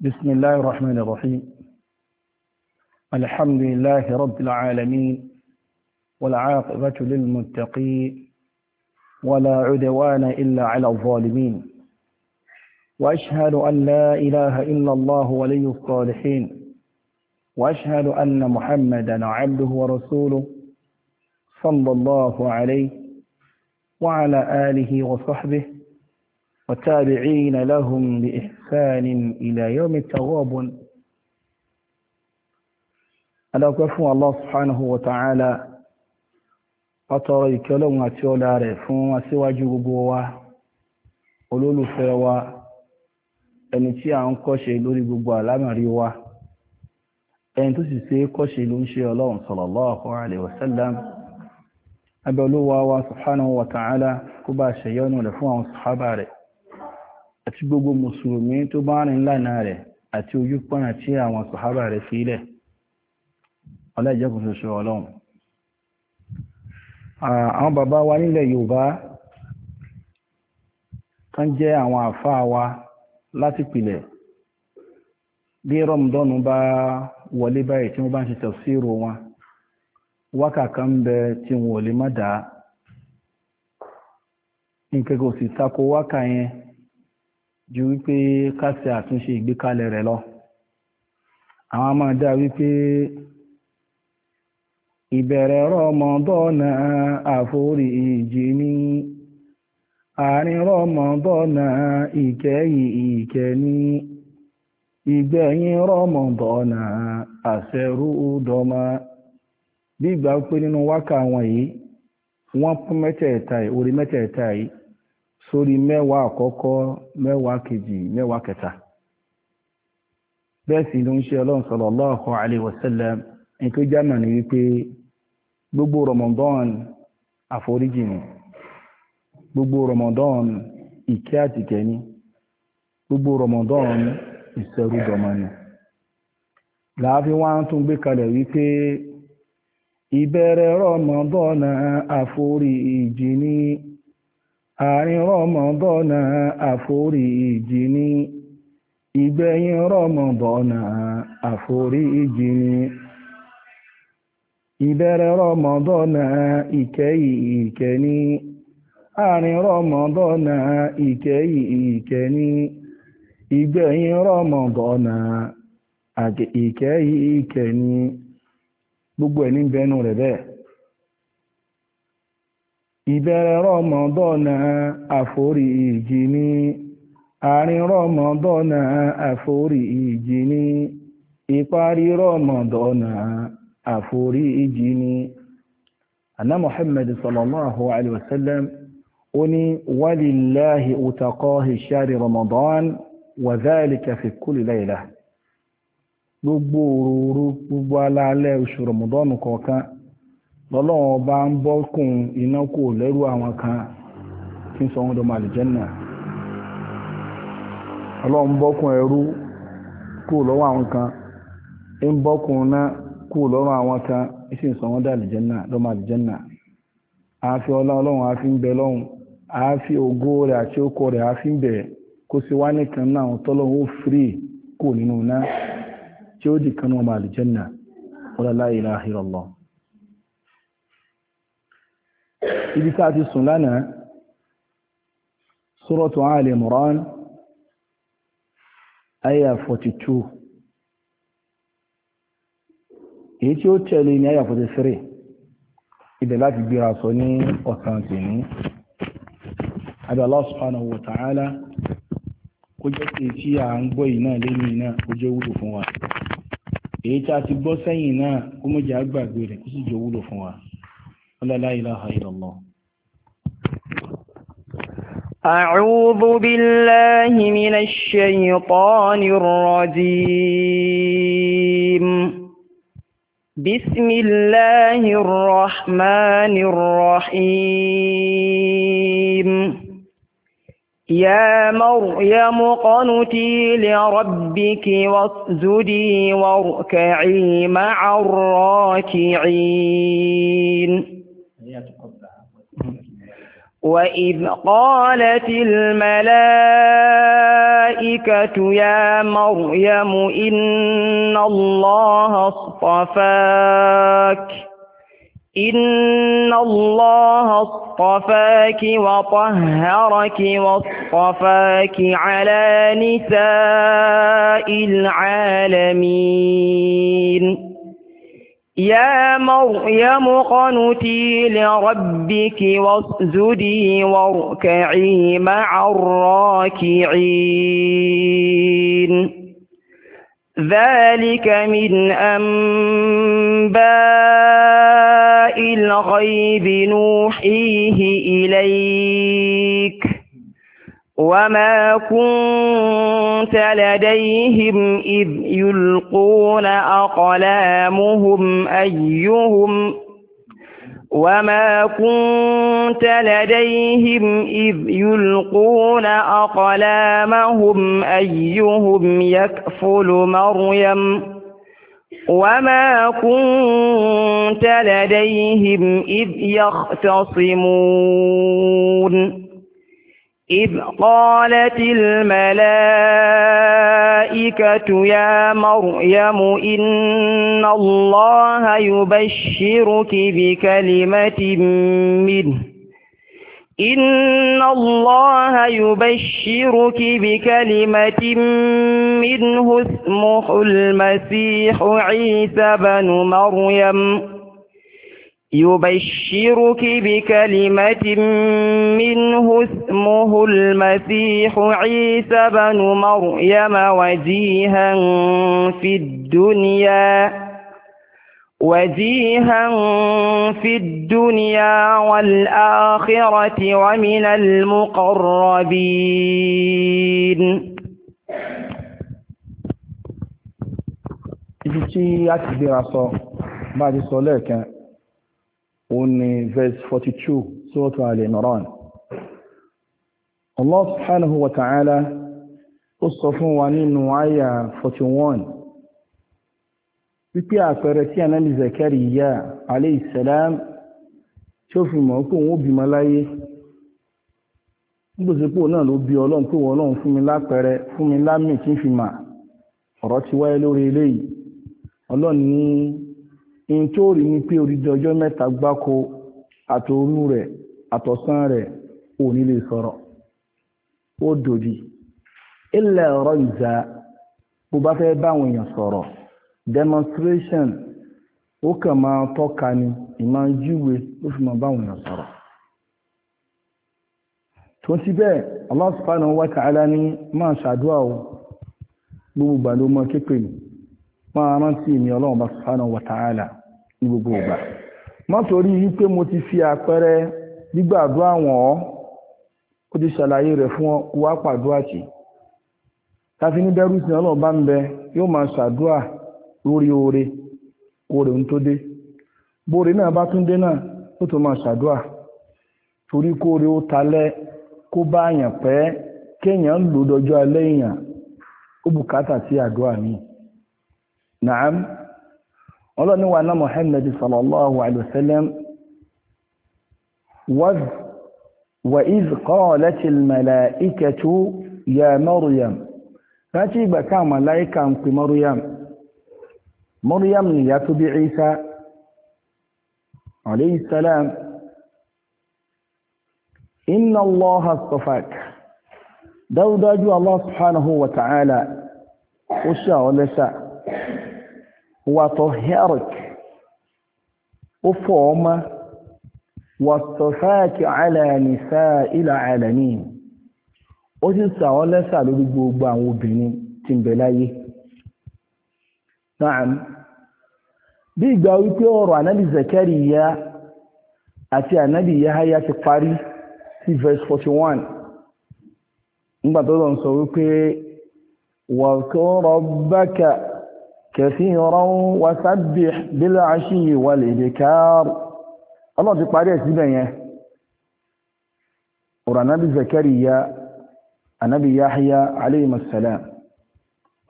بسم الله الرحمن الرحيم الحمد لله رب العالمين والعاقبة للمتقين ولا عدوان إلا على الظالمين وأشهد أن لا إله إلا الله ولي الصالحين وأشهد أن محمدا عبده ورسوله صلى الله عليه وعلى آله وصحبه وتابعين لهم بإحسان إلى يوم التغابن alákọ́fún Allah الله سبحانه وتعالى ọ̀tọ̀rọ ìkẹ́lọ́hun àti ọlá rẹ̀ fún aṣíwájú gbogbo wa olólùfẹ́ wa ẹni tí a ń kọ́ṣe lórí gbogbo àlámàrí wa ẹni tó sì ṣe kọ́ṣe ló ń ṣe ọlọ́run sallallahu alaihi wasallam abẹ́olúwa wa subhanahu wa ta'ala kó bá ṣe yọ́nù rẹ̀ fún àwọn sàhábà rẹ̀ àti gbogbo Musulmi tó bá rìn lànà rẹ̀ àti ojú pọ́nà tí àwọn sàhábà rẹ̀ ije ọlẹ́jẹ́kùn ṣoṣo ọlọ́run àwọn bàbá wa nílẹ̀ yorùbá tán jẹ́ àwọn àfáà wa láti pìlẹ̀ bí rọmdọ́nù bá wọlé báyìí tí wọ́n bá ń ṣe wọn kan bẹ tí lè má dáa ju wípé ká ṣe àtúnṣe ìgbékalẹ̀ rẹ̀ lọ àwọn máa dá wípé ìbẹ̀rẹ̀ rọmọdọ́nà ìjì ní àárín rọmọdọ́nà ìkẹyìn ìkẹni ìgbẹ̀yìn rọmọdọ́nà àṣẹrúdọ́mà bí ìgbà pé nínú wákà wọn wọ́n mẹ́tẹ̀ẹ̀ta yìí orí mẹ́tẹ̀ẹ̀ta yìí sórí mẹ́wàá àkọ́kọ́ mẹ́wàá kejì mẹ́wàá kẹta bẹ́ẹ̀ sì ló ń ṣe ọlọ́run sallallahu alaihi wasallam ní tó jámà ní wípé gbogbo Ramadan àforíjì ni gbogbo Ramadan ìkẹ́ àtìkẹ́ ni gbogbo Ramadan ìṣẹ́rúdọ̀mọ́ ni láàfin wá ń tún gbé kalẹ̀ wípé ìbẹ̀rẹ̀ Ramadan àforíjì ni àárín rọmọdọ́nà àforíjì ni ìgbẹ̀yìn rọmọdọ́nà àforíjì ni ìbẹ̀rẹ̀ rọmọdọ́nà ìkẹyì ìkẹni àárín rọmọdọ́nà ìkẹyì ìkẹni ìgbẹ̀yìn rọmọdọ́nà ìkẹyì ìkẹni gbogbo ẹ̀ ní bẹnu rẹ̀ bẹ́ẹ̀. ìbẹ̀rẹ̀ rọmọdọ́nà àforíjì ni àárín rọmọdọ́nà àforíjì ni ìparí rọmọdọ́nà àforíjì ni anna muhammad sallallahu alaihi wasallam ó ní wàlìláhi òtàkọ́ ìṣàrí rọmọdọ́n wà záàlìkà fi kúlì láìlá gbogbo òru gbogbo alálẹ́ oṣù rọmọdọ́nù kọ̀ọ̀kan lọ́lọ́wọ́ bá ń bọ́kùn iná kò lẹ́rù àwọn kan tí ń sọ wọn dọmọ àlìjẹ́nà ọlọ́run bọ́kùn ẹrú kò lọ́wọ́ àwọn kan ń bọ́kùn iná kò lọ́rùn àwọn kan sì ń sọ wọn dá àlìjẹ́nà dọmọ àlìjẹ́nà fi ọlá ọlọ́run ń bẹ firi nínú tí ó kan ibi tá a ti sùn lánàá suratu Ali Imran aya 42 èyí tí ó tẹ̀lé ní aya 43 ibẹ̀ láti gbéra sọ ní ọ̀sán tèmi àbí Allah subhanahu wa kó jẹ́ pé tí ń gbọ́ ó fún wa èyí a ti gbọ́ sẹ́yìn náà kó mọ̀jẹ̀ àgbàgbé rẹ̀ kó sì jẹ́ wúlò fún wa. ilaha illallah. أعوذ بالله من الشيطان الرجيم بسم الله الرحمن الرحيم يا مريم قنتي لربك واسجدي واركعي مع الراكعين وَإِذْ قَالَتِ الْمَلَائِكَةُ يَا مَرْيَمُ إِنَّ اللَّهَ اصْطَفَاكِ إِنَّ اللَّهَ اصْطَفَاكِ وَطَهَّرَكِ وَاصْطَفَاكِ عَلَى نِسَاءِ الْعَالَمِينَ يا مريم قنتي لربك واسجدي واركعي مع الراكعين ذلك من أنباء الغيب نوحيه إليك وما كنت لديهم إذ يلقون أقلامهم أيهم وما كنت لديهم إذ يلقون أقلامهم أيهم يكفل مريم وما كنت لديهم إذ يختصمون إذ قالت الملائكة يا مريم إن الله يبشرك بكلمة منه إن الله يبشرك بكلمة منه اسمه المسيح عيسى بن مريم يبشرك بكلمة منه اسمه المسيح عيسى بن مريم وجيها في الدنيا وجيها في الدنيا والآخرة ومن المقربين ibi tí ó ní 42 sóòtò Al-Imran Allah subhanahu wa o ó sọ fún wa nínú àyà 41 wípé àpẹẹrẹ tí anábì Zakariya alayhi salam tí ó fi mọ̀ pé òun ó bímọ láyé nígbòsípò náà ló bí ọlọ́run pé wọ́n ọlọ́run ọrọ mi lápẹẹrẹ fún mi lámì tí in tí ó rí ní pé odidi ọjọ́ mẹ́ta gbáko àtòrú rẹ̀ àtọ̀sán rẹ̀ ò ní lè sọ̀rọ̀ ó dòdì ilẹ̀ ọ̀rọ̀ ìjà bó bá fẹ́ báwọn èèyàn sọ̀rọ̀ demonstration ó kàn máa tọ́ka ni ìmọ̀ jíwe ó fi máa báwọn èèyàn sọ̀rọ̀ tó ti bẹ́ẹ̀ Allah subhanahu wa ta'ala ní máa ṣàdúrà o gbogbo ìgbà ló mọ képe máa rántí mi ọlọ́run subhanahu wa ta'ala ní gbogbo ìgbà eh. má torí wípé mo ti fi àpẹẹrẹ gbígbàdúrà wọ̀n ọ́ ó ti ṣàlàyé rẹ̀ fún ọ wá pàdúrà tì ní bẹ́rù sí ọlọ́run bá ń bẹ yóò máa ṣàdúrà lórí oore oore ń tó dé bóore náà bá tún dé náà ó máa ṣàdúrà torí kóore ó talẹ́ kó bá àyàn pẹ́ kéèyàn ń lò dọjọ́ alẹ́ èèyàn ó bùkátà sí àdúrà nàám ọlọ́niwà náà Muhammad sallallahu alaihi wasallam wa iz qalatil mala'ikatu ya Maryam rántí ìgbà ká màláíkà ń pè Maryam Maryam ni ya tó bí Isa alayhi salam inna Allah astafak dáúdájú Allah subhanahu wa ta'ala ó ṣe àwọn lẹ́ṣàá وطهرك وفوم واصطفاك على نساء العالمين ó sì sà ọ́ lẹ́sà lórí gbogbo àwọn obìnrin tí ń bẹ láyé náà bí ìgbà wípé ọ̀rọ̀ ànábì Zakariya àti ànábì Yahaya ti parí sí verse 41 nígbà tó lọ sọ wípé wàkọ́ rọ̀bákà كثيرا وسبح بالعشي والإبكار الله ti parí ẹ̀ síbẹ̀ yẹn ọ̀rọ̀ anábi zakariya anábi yahya alayhi salam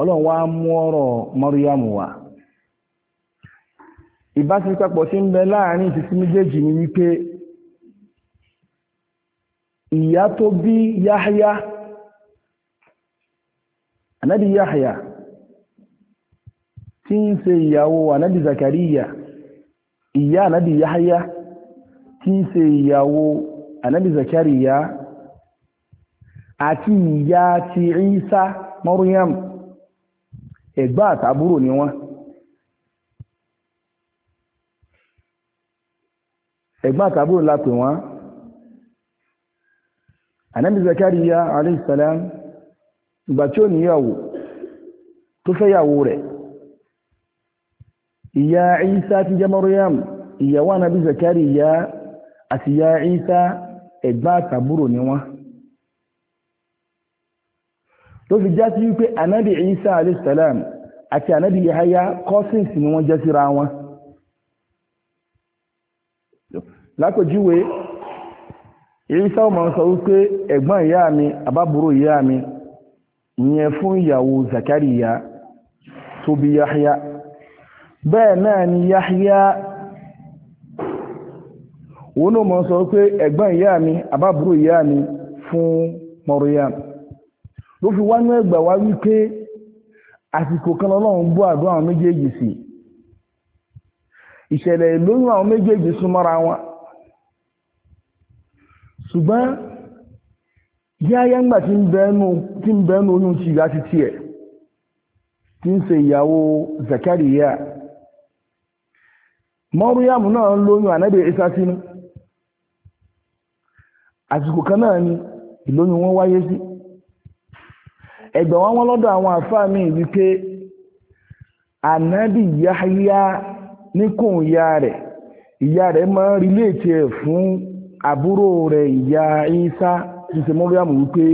ọlọ́run wá mú ọ̀rọ̀ maryam wá ìbáṣepọ̀ ń bẹ láàrin ìsìsí méjèèjì ni wípé ìyá tó bí anábi tí ń ṣe ìyàwó ànábì zakariya ìyá ànábì yahaya tí ń ṣe ìyàwó ànábì zakariya àti ìyá ti isa maryam ẹ̀gbá àtàbúrò ni wọ́n ẹ̀gbá àtàbúrò la pè wọ́n ànábì zakariya alayhi salam ìgbà tí ó níyàwó tó fẹ́ yàwó ìyá Ìsá ya jẹ́ Maryam ìyàwó ànábì a àti ìyá Ìsá ẹ̀gbọ́n àtàbúrò ni wọ́n tó fi já sí wípé ànábì Ìsá alayhi àti ànábì Yahaya cousins ni wọ́n jẹ́ síra wọn lákòjúwe Ìsá ọmọ sọ wípé ẹ̀gbọ́n ìyá mi mi ìyàwó Zakariya tó bí bẹ́ẹ̀ náà ni Yahya òun náà mọ̀ sọ pé ẹ̀gbọ́n ìyá mi àbábúrò ìyá mi fún Maryam ló fi wánú ẹgbà wá wípé àsìkò kan lọ́lọ́run bú àdúrà àwọn méjèèjì sí ìṣẹ̀lẹ̀ ìlóyún àwọn méjèèjì súnmọ́ra wọn ṣùgbọ́n yáyá ńgbà tí ń bẹ́ẹ̀nu oyún ti ìyá ti tiẹ̀ tí ń ṣe ìyàwó Zakariya mọ́ríyàmù náà ń lóyún ànábì Ìsá sínú àsìkò kan náà ni ìlóyún wọn wáyé sí ẹgbẹ̀wọ̀n wọn lọ́dọ̀ àwọn àfáà mi wípé ànábì níkùn ìyá rẹ̀ ìyá rẹ̀ máa ń rìléètì ẹ̀ fún àbúrò rẹ̀ ìyá wípé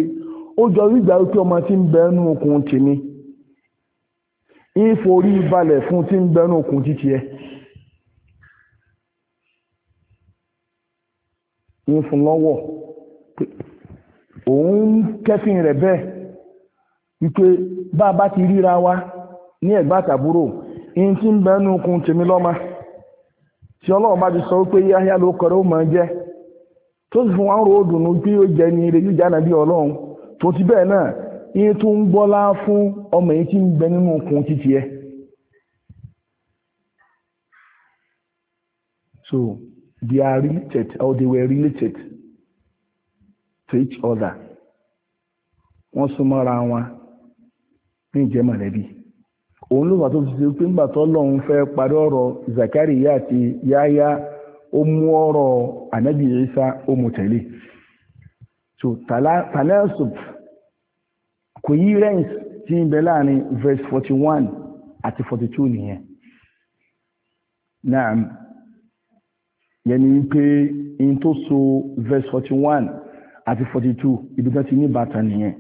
ó jọ wípé ọmọ tí ń bẹ okùn ń fún lọ́wọ́ pé òun kẹ́fìn rẹ̀ bẹ́ẹ̀ wípé bá a bá ti ríra wa ní ẹ̀gbá àtàbúrò in tí ń kun tèmi tí ti sọ wípé yáyá ló kọ̀rọ̀ ó máa jẹ́ tó sì fún wa ń ro òdùnnú bí ó jẹ ní ire yóò ọlọ́run tó ti bẹ́ẹ̀ náà iye tó ń gbọ́lá fún ọmọ yìí tí ń bẹ kun títí ẹ. They are related or they were related to each other. Wọ́n súnmọ́ mara wọn ní ìjẹ́ mọ̀lẹ́bí. Òun ló wà tó ti pé tó fẹ́ parí ọ̀rọ̀ àti ó mú ọ̀rọ̀ Ànábì So kò yí tí ń bẹ láàrin verse forty àti forty two nìyẹn. yẹn ni wípé in tó so verse forty one àti forty two ibi tó ti ní bàtà nìyẹn.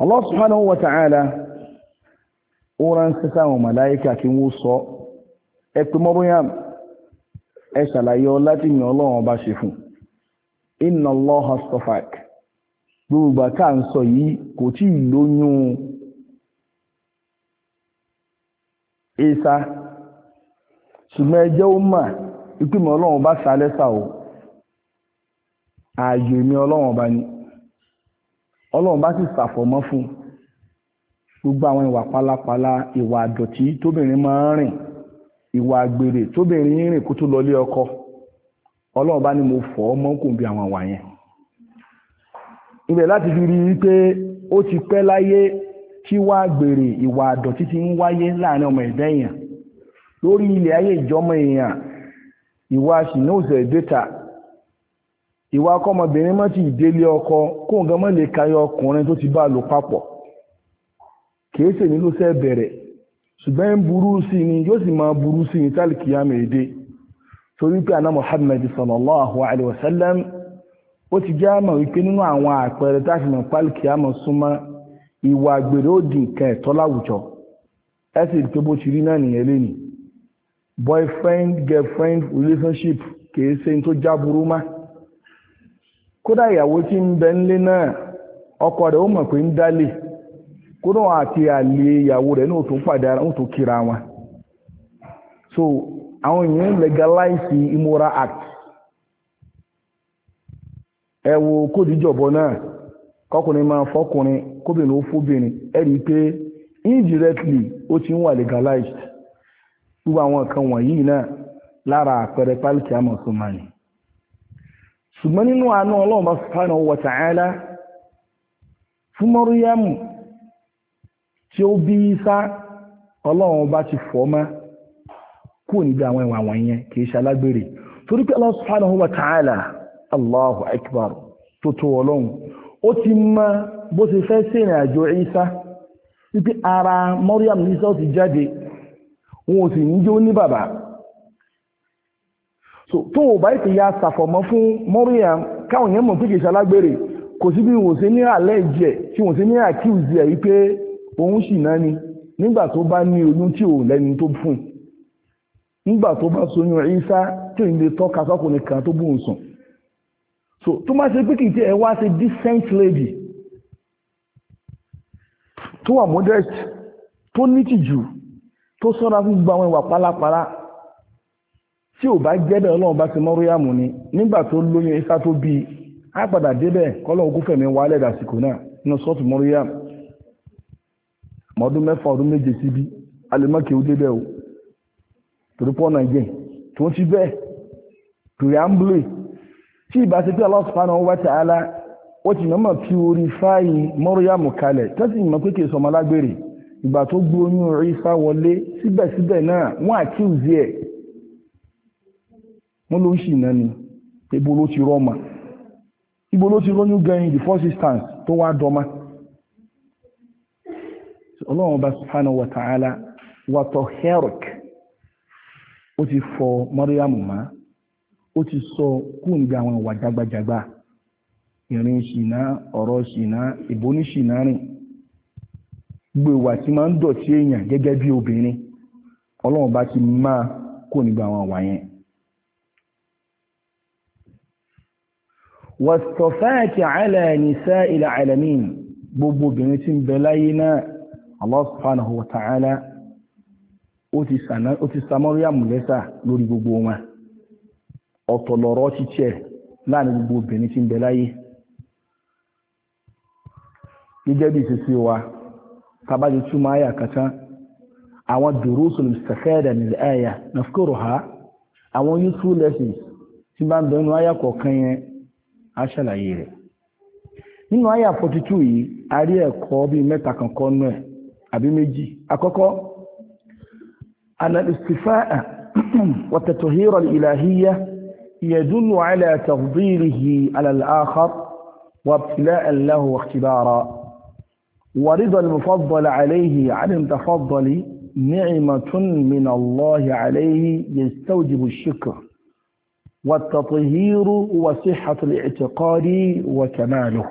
Allah subhanahu wa ta'ala ó ránṣẹ́ sáwọn màláíkà kí wọ́n sọ ẹ pé mọ́bóyá ẹ ṣàlàyé ọ láti yàn ọlọ́run ọba ṣe fún inna Allaha astafak gbogbo àká ń sọ yìí kò tí ì lóyún Isa ṣùgbọ́n ẹjẹ́ ó mà ìpìmọ̀ ọlọ́run bá sálẹ́sà o ààyè mi ọlọ́run bá ní ọlọ́run bá sì ṣàfọ̀mọ́ fún gbogbo àwọn ìwà pálapàla ìwà àdọ̀tí tóbìnrin máa ń rìn ìwà àgbèrè tóbìnrin ń rìn kó tó lọlé ọkọ ọlọ́run bá ní mo fọ̀ ọ́ bí àwọn àwà yẹn ibẹ̀ láti fi rí i pé ó ti pẹ́ láyé tí wàá gbèrè ìwà àdọ̀tí ti ń wáyé láàrin ọmọ ẹ̀dá èèyàn lórí ilẹ̀ ayé ìjọmọ èèyàn ìwà ṣìnóòsẹ̀ dẹ́ta ìwà ọkọmọbìnrin mọ́ ti ìdélé ọkọ kó nǹkan mọ́ lè kayọ ọkùnrin tó ti bá lò papọ̀ kìí sèmi ló sẹ́ bẹ̀rẹ̀ ṣùgbọ́n ń burú sí ni yóò sì máa burú sí ni tálíkì yá mèédé torí pé àná Muhammad sallallahu alayhi wa sallam ó ti já mọ̀ wípé nínú àwọn àpẹẹrẹ táfi mọ̀ pálíkì yá súnmọ́ ìwà àgbèrè ó ẹ̀tọ́ láwùjọ ẹ sì rí pé bó ti rí boyfriend girlfriend relationship kìí ṣe tó jáburú má kódà ìyàwó tí ń bẹ nílé náà ọkọ rẹ̀ ó mọ̀ pé ń dálé kódà wọn àti àlè ìyàwó rẹ̀ náà tó pàdé ara wọn tó kíra wọn so àwọn èèyàn legalize immoral act ẹ wo kódìjọbọ náà kọkùnrin máa fọkùnrin kóbìnrin ó fóbìnrin ẹ rí i pé indirectly ó ti ń wà legalized gbogbo àwọn nǹkan wọ̀nyí náà lára àpẹẹrẹ pálíkì àmọ̀ tó máa ní ṣùgbọ́n nínú àánú ọlọ́run wa ta'ala fún mọ́ríyámù tí ó bí sá ọlọ́run bá ti fọ́ mọ́ kúrò níbi àwọn ìwà wọ̀nyẹn kì ṣe alágbèrè torí pé Allah wa ta'ala Allahu akbar tó tó ọlọ́run ó ti mọ bó ti ara ní jáde wọn ò sì ń jó ní bàbá so tó o bá ìpè ya sàfọ̀mọ́ fún Mariam káwọn yẹn mọ̀ pé kìí ṣalágbèrè kò sí bí wọn ò sí ní àlẹ́ ìjẹ́ tí wọn sí ní àkíyèsí ẹ̀ wípé òun sì náà ni nígbà tó bá ní oyún tí ò lẹ́ni tó fún nígbà tó bá soyún Ìsá tí ò lè tọ́ka sọ́kùnrin kan tó bóun sùn so tó má ṣe pé kìí ṣe ẹ wá ṣe decent lady tó wà modest tó nítìjú tó sọ́ra fún gbogbo àwọn ìwà pálapàla tí ò bá jẹ́bẹ̀ ọlọ́run bá ti ni nígbà tó lóyún ifá tó bí i á padà débẹ̀ kọ́lọ́run kó fẹ̀mí náà nínú sọ́ọ̀tù mọ́ríyàmù mọ́dún mẹ́fà ọdún méje ó débẹ̀ o torí pọ́ tó ń ti bẹ́ẹ̀ tí ìbá fi orí kalẹ̀ tẹ́sí ìmọ̀ pé kì í sọmọ lágbèrè ìgbà tó gbé oyún Ìsá wọlé síbẹ̀síbẹ̀ náà wọ́n àkíyèsí ẹ̀ wọ́n ló ń ni ibo ló ti rọ́mà ibo ló ti rọ́yún gan in the first instance tó wá dọ́mà ọlọ́run ọba subhanahu wa ta'ala wa tahirik ó ti fọ Mariam má ó ti sọ kú níbi àwọn ìwà jagbajagba ìrìn ṣìnà ọ̀rọ̀ ṣìnà ìbóníṣìnà rìn gbogbo ìwà tí máa ń dọ̀tí èèyàn gẹ́gẹ́ bí obìnrin ọlọ́run bá ti máa kó nígbà àwọn àwà yẹn wàstọ̀fẹ́ẹ̀kì àìlẹ̀ẹ̀nìṣẹ́ ilẹ̀ gbogbo obìnrin tí ń bẹ láyé náà wa ó ti lórí gbogbo wọn ọ̀tọ̀lọ̀rọ̀ ti tiẹ̀ láàrin gbogbo obìnrin tí ń bẹ láyé gẹ́gẹ́ bí wa tàbájú túmọ̀ àyà kàtán àwọn dùrúsù ìsẹ̀fẹ́ẹ̀dà nílẹ̀ àyà nàfikòrò ha àwọn useful lessons tí bá ń bẹ nínú àyà kọ̀ọ̀kan yẹn á ṣàlàyé rẹ̀ nínú àyà 42 yìí a rí ẹ̀kọ́ bíi mẹ́ta kankan nú ẹ̀ àbí méjì àkọ́kọ́ al-istifa'a wa at-tathhir al-ilahiyya يدل على تفضيله على الآخر وابتلاء له واختبارا ورضا المفضل عليه عن المتفضل نعمة من الله عليه يستوجب الشكر والتطهير وصحة الاعتقاد وكماله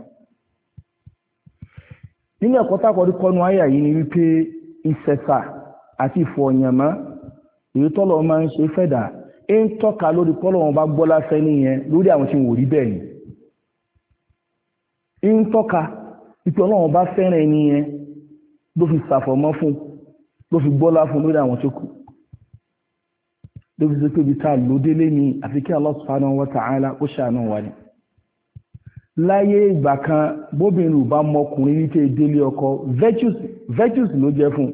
nínú ẹ̀kọ́ tákọ̀ọ́dí kọ́nu àyà yìí ni wípé ìṣẹ̀fà àti ìfọ̀ọ̀yànmá èyí tọ́lọ̀ máa ń ṣe fẹ́dà e ń tọ́ka lórí pọ́lọ̀ wọn bá gbọ́ láfẹ́ nìyẹn lórí àwọn tí wọ́n rí bẹ́ẹ̀ ni ń tọ́ka ìpé ọlọ́run bá fẹ́ràn ẹni yẹn ló fi sàfọ̀mọ́ fún ló fi gbọ́lá fún lórí àwọn tó kù ló fi sọ pé ibi tá a lò délé ni àfi kí Allah subhanahu wa ta'ala ó ṣàánú wa ni láyé ìgbà kan bóbìnrin ò bá mọkùnrin wípé délé ọkọ virtues virtues ló jẹ fún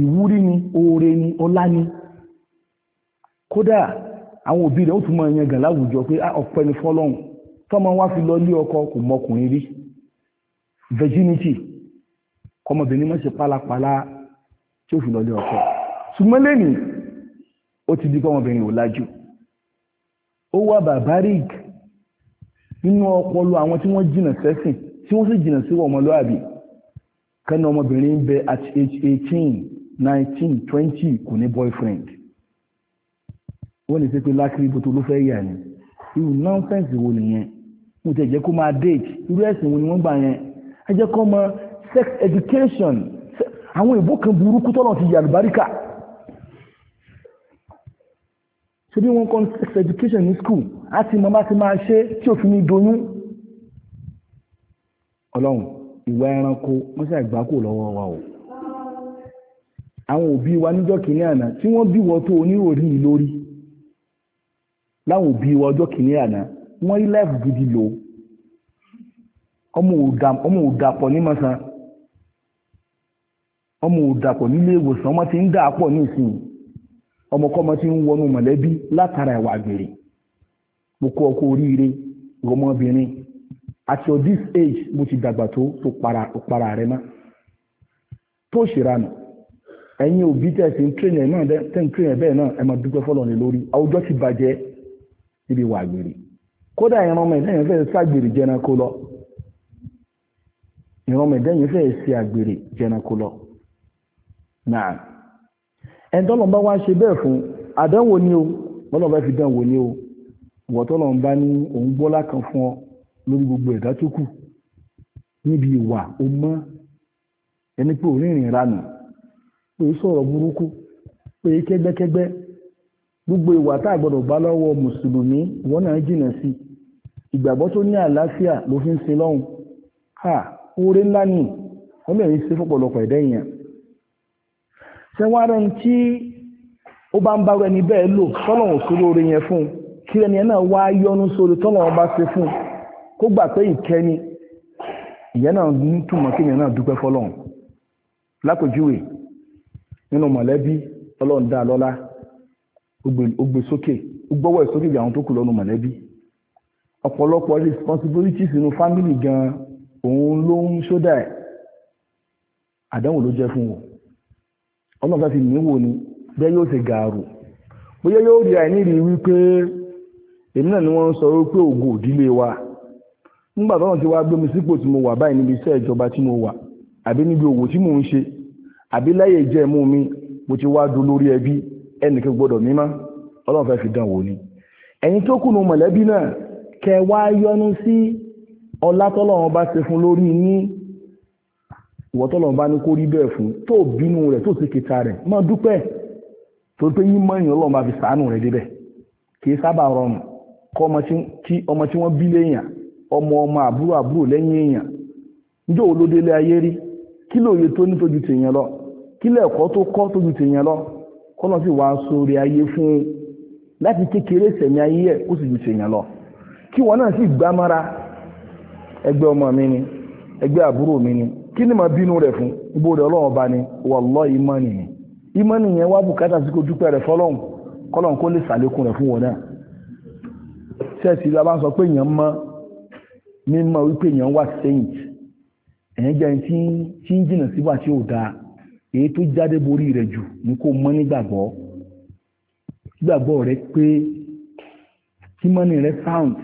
ìwúrí ni oore ni ọlá ni kódà àwọn òbí rẹ̀ ó tún mọ ẹyẹn gàn láwùjọ pé ah, ọpẹ́ ni tọ́mọ wá fi lọ lé ọkọ kò mọkùnrin rí virginity kọmọbìnrin mọ́ sí pálapàla tí ó fi lọ lé ọkọ ṣùgbọ́n lẹ́nìí ó ti di kọmọbìnrin ò lájú ó wà barbaric nínú ọpọlọ àwọn tí wọ́n jìnà sẹ́sìn tí wọ́n sì jìnà sí ọmọlúàbí kẹ́nà ọmọbìnrin ń bẹ at age eighteen nineteen twenty kò ní boyfriend wọ́n lè ṣe pé lákìrí bó tó ló fẹ́ yà ni irú nonsense wo nìyẹn mo tẹ̀ jẹ́ kó máa date irú ẹ̀sìn wo ni wọ́n gbà yẹn ẹjẹ́ kọ́ mọ sex education àwọn ìbò kan burúkú tọ́lọ̀ ti yà àlùbáríkà ṣe bí wọ́n kọ́ sex education ní school á ti mọ bá ti máa ṣe tí òfin ní doyún ọlọ́run ìwà ẹranko wọ́n sì àgbà kò lọ́wọ́ wa o àwọn òbí wa níjọ́ kìíní àná tí wọ́n bí wọ́n tó oníròrí lórí láwọn òbí wa ọjọ́ kìíní àná wọ́n rí láìpù gidi lò ó ọmọ òdàpọ̀ nílé ìwòsàn ọmọ ti ń dà pọ̀ ní ìsìn ọmọkọ́mọ ti ń wọnú mọ̀lẹ́bí látara ìwà àgbèrè oríire ọmọbìnrin àti your age mo ti dàgbà tó tó para rẹ mọ́ tó ṣèrànà ẹ̀yin òbí tẹ̀sí ń tẹ̀yìn náà tẹ̀yìn bẹ́ẹ̀ náà ẹ̀ máa dúpẹ́ lórí àwùjọ ti bàjẹ́ níbi ìwà àgbèrè kódà ìran ọmọ lọ ìran mẹ̀dẹ́yìn fẹ́ ṣe àgbèrè jẹranko lọ náà ẹ̀ńtọ́lọ̀ bá wá ṣe bẹ́ẹ̀ fún àdánwò ni o bọ́lọ̀ bá fi dánwò ni o ìwọ̀tọ́lọ̀ bá ní òun gbọ́lá kan fún ọ lórí gbogbo ẹ̀dá tó kù níbi ìwà o mọ́ ẹni pé ò rìnrìn ranù pé sọ̀rọ̀ burúkú pé kẹ́gbẹ́kẹ́gbẹ́ gbogbo ìwà tá a gbọ́dọ̀ bá lọ́wọ́ mùsùlùmí wọn náà jìnà sí ìgbàgbọ́ tó ní àlàáfíà ló fi ń ṣe lọ́hùn oore ńlá ni ọmọ èyí sí fọ́pọ̀lọpọ̀ ẹ̀dẹ́ èèyàn ṣe wá rẹ̀ tí ó bá ń bá rẹ̀ ní bẹ́ẹ̀ lò tọ́lọ̀wọ̀n sórí oore yẹn fún kí ẹni náà wá yọnu sórí tọ́lọ̀wọ̀n bá ṣe fún kó gbà pé ìkẹni ìyẹn náà ń túmọ̀ kí ìyẹn náà dúpẹ́ fọ́lọ́run lápòjúwe nínú mọ̀lẹ́bí ọlọ́run dá lọ́lá ó sókè gbọ́wọ́ ìsókè responsibilities òun ló ń ṣódà ẹ̀ àdánwò ló jẹ́ fún wọn ọlọ́ọ̀fẹ́ fi níwò ni bẹ́ẹ̀ yóò ṣe gààrò bóyá yóò rí rí wípé èmi náà ni wọ́n ń sọ wípé ògù òdílé wa nígbà táwọn ti wá gbé mi sípò tí mo wà báyìí níbi iṣẹ́ ìjọba tí mo wà àbí níbi òwò tí mò ń ṣe àbí láyé jẹ́ mi mo ti wá do lórí ẹbí ẹnìkan gbọ́dọ̀ mímá ọlọ́run ọlá tọ́lọ́run bá ṣe fún lórí yín ìwọ bá ní kó rí bẹ́ẹ̀ fún tó bínú rẹ̀ tó sì kìta rẹ̀ máa dúpẹ́ torí pé yín mọ̀yìn ọlọ́run bá fi sàánù rẹ̀ kì í sábà rọrùn kọ́ ọmọ tí wọ́n bí léèyàn ọmọ ọmọ àbúrò àbúrò lẹ́yìn èèyàn níjọ́ wo ayé rí kí tó ní tójú tèèyàn lọ kí lẹ́ẹ̀kọ́ tó kọ́ tójú tèèyàn tèèyàn ẹgbẹ́ ọmọ mi ni ẹgbẹ́ àbúrò mi ni kí ni màá bínú rẹ̀ fún ibo rẹ̀ ni wallahi ni ìmánì yẹn wá bùkátà sí kó dúpẹ́ rẹ̀ fọlọ́run kọ́lọ́run kó lè sàlékún rẹ̀ fún wọn náà ṣẹ́ẹ̀sì la bá pé èèyàn mọ́ wípé èèyàn wà saint ẹ̀yìn jẹ́ ẹni tí ń jìnà síbà tí ò dáa èyí tó jáde borí rẹ̀ jù ní nígbàgbọ́ gbàgbọ́ pé sound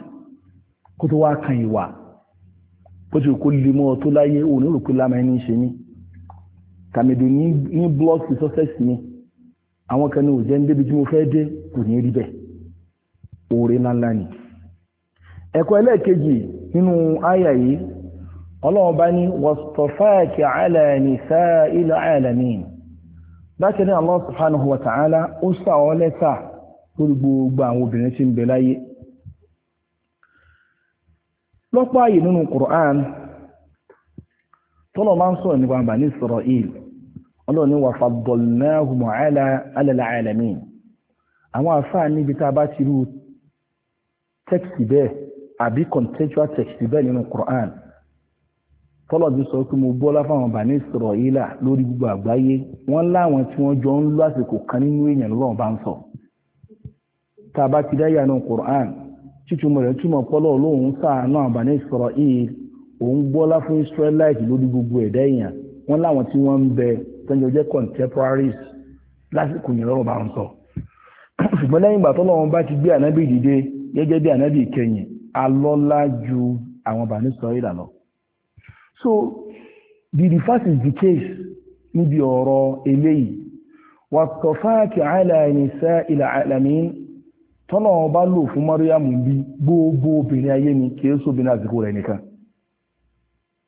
kó tó wá bó ti kó lè mọ́ tó láyé òun rò ṣe ní kàmìdò ní blọọkì sọ́sẹ̀sì ní àwọn kan ní òjẹ́ ń débi tí mo fẹ́ dé kò ní rí bẹ́ẹ̀ oore ńláńlá ni ẹ̀kọ́ ẹlẹ́ẹ̀kejì nínú àyà yìí ọlọ́run bá ní wọ́stọ̀fáàkì ilẹ̀ ó sà ọ́ lẹ́sà lórí lọ́pọ̀ ààyè nínú Qur'an tọ́lọ̀ máa ń sọ̀rọ̀ nípa Bani Isra'il ọlọ́run ni wa faddalnahum ala al-alamin àwọn àfáà níbi tá a bá ti rú tẹ́kìtì bẹ́ẹ̀ àbí contextual tẹ́kìtì bẹ́ẹ̀ nínú Qur'an tọ́lọ̀ ti sọ pé mo bọ́lá fáwọn Bani Isra'il lórí gbogbo àgbáyé wọ́n láwọn tí wọ́n jọ ń lásìkò kan nínú èèyàn lọ́wọ́ bá ń sọ tá a bá ti dáyà nínú Qur'an títúmọ̀ rẹ̀ túmọ̀ pọ́lọ́ lóhùn ṣàánú àbáni Israel òun gbọ́lá fún Israelite lórí gbogbo ẹ̀dá èèyàn wọn láwọn tí wọ́n ń bẹ tẹ́jọ́ jẹ́ contemporaries lásìkò yẹn lọ́rọ̀ bá ń sọ. ṣùgbọ́n lẹ́yìn ìgbà tó lọ́wọ́n bá ti gbé ànábì dìde gẹ́gẹ́ bí ànábì kẹyìn alọ́lá ju àwọn àbáni Israel lọ. so the first is the case níbi ọ̀rọ̀ eléyìí wàtọ̀fáàkì àìlànìṣẹ́ ìlà àlàmín tọ́nà ọba lò fún Mariam bí gbogbo obìnrin ayé ni kìí sóbìnrin àsìkò rẹ̀ nìkan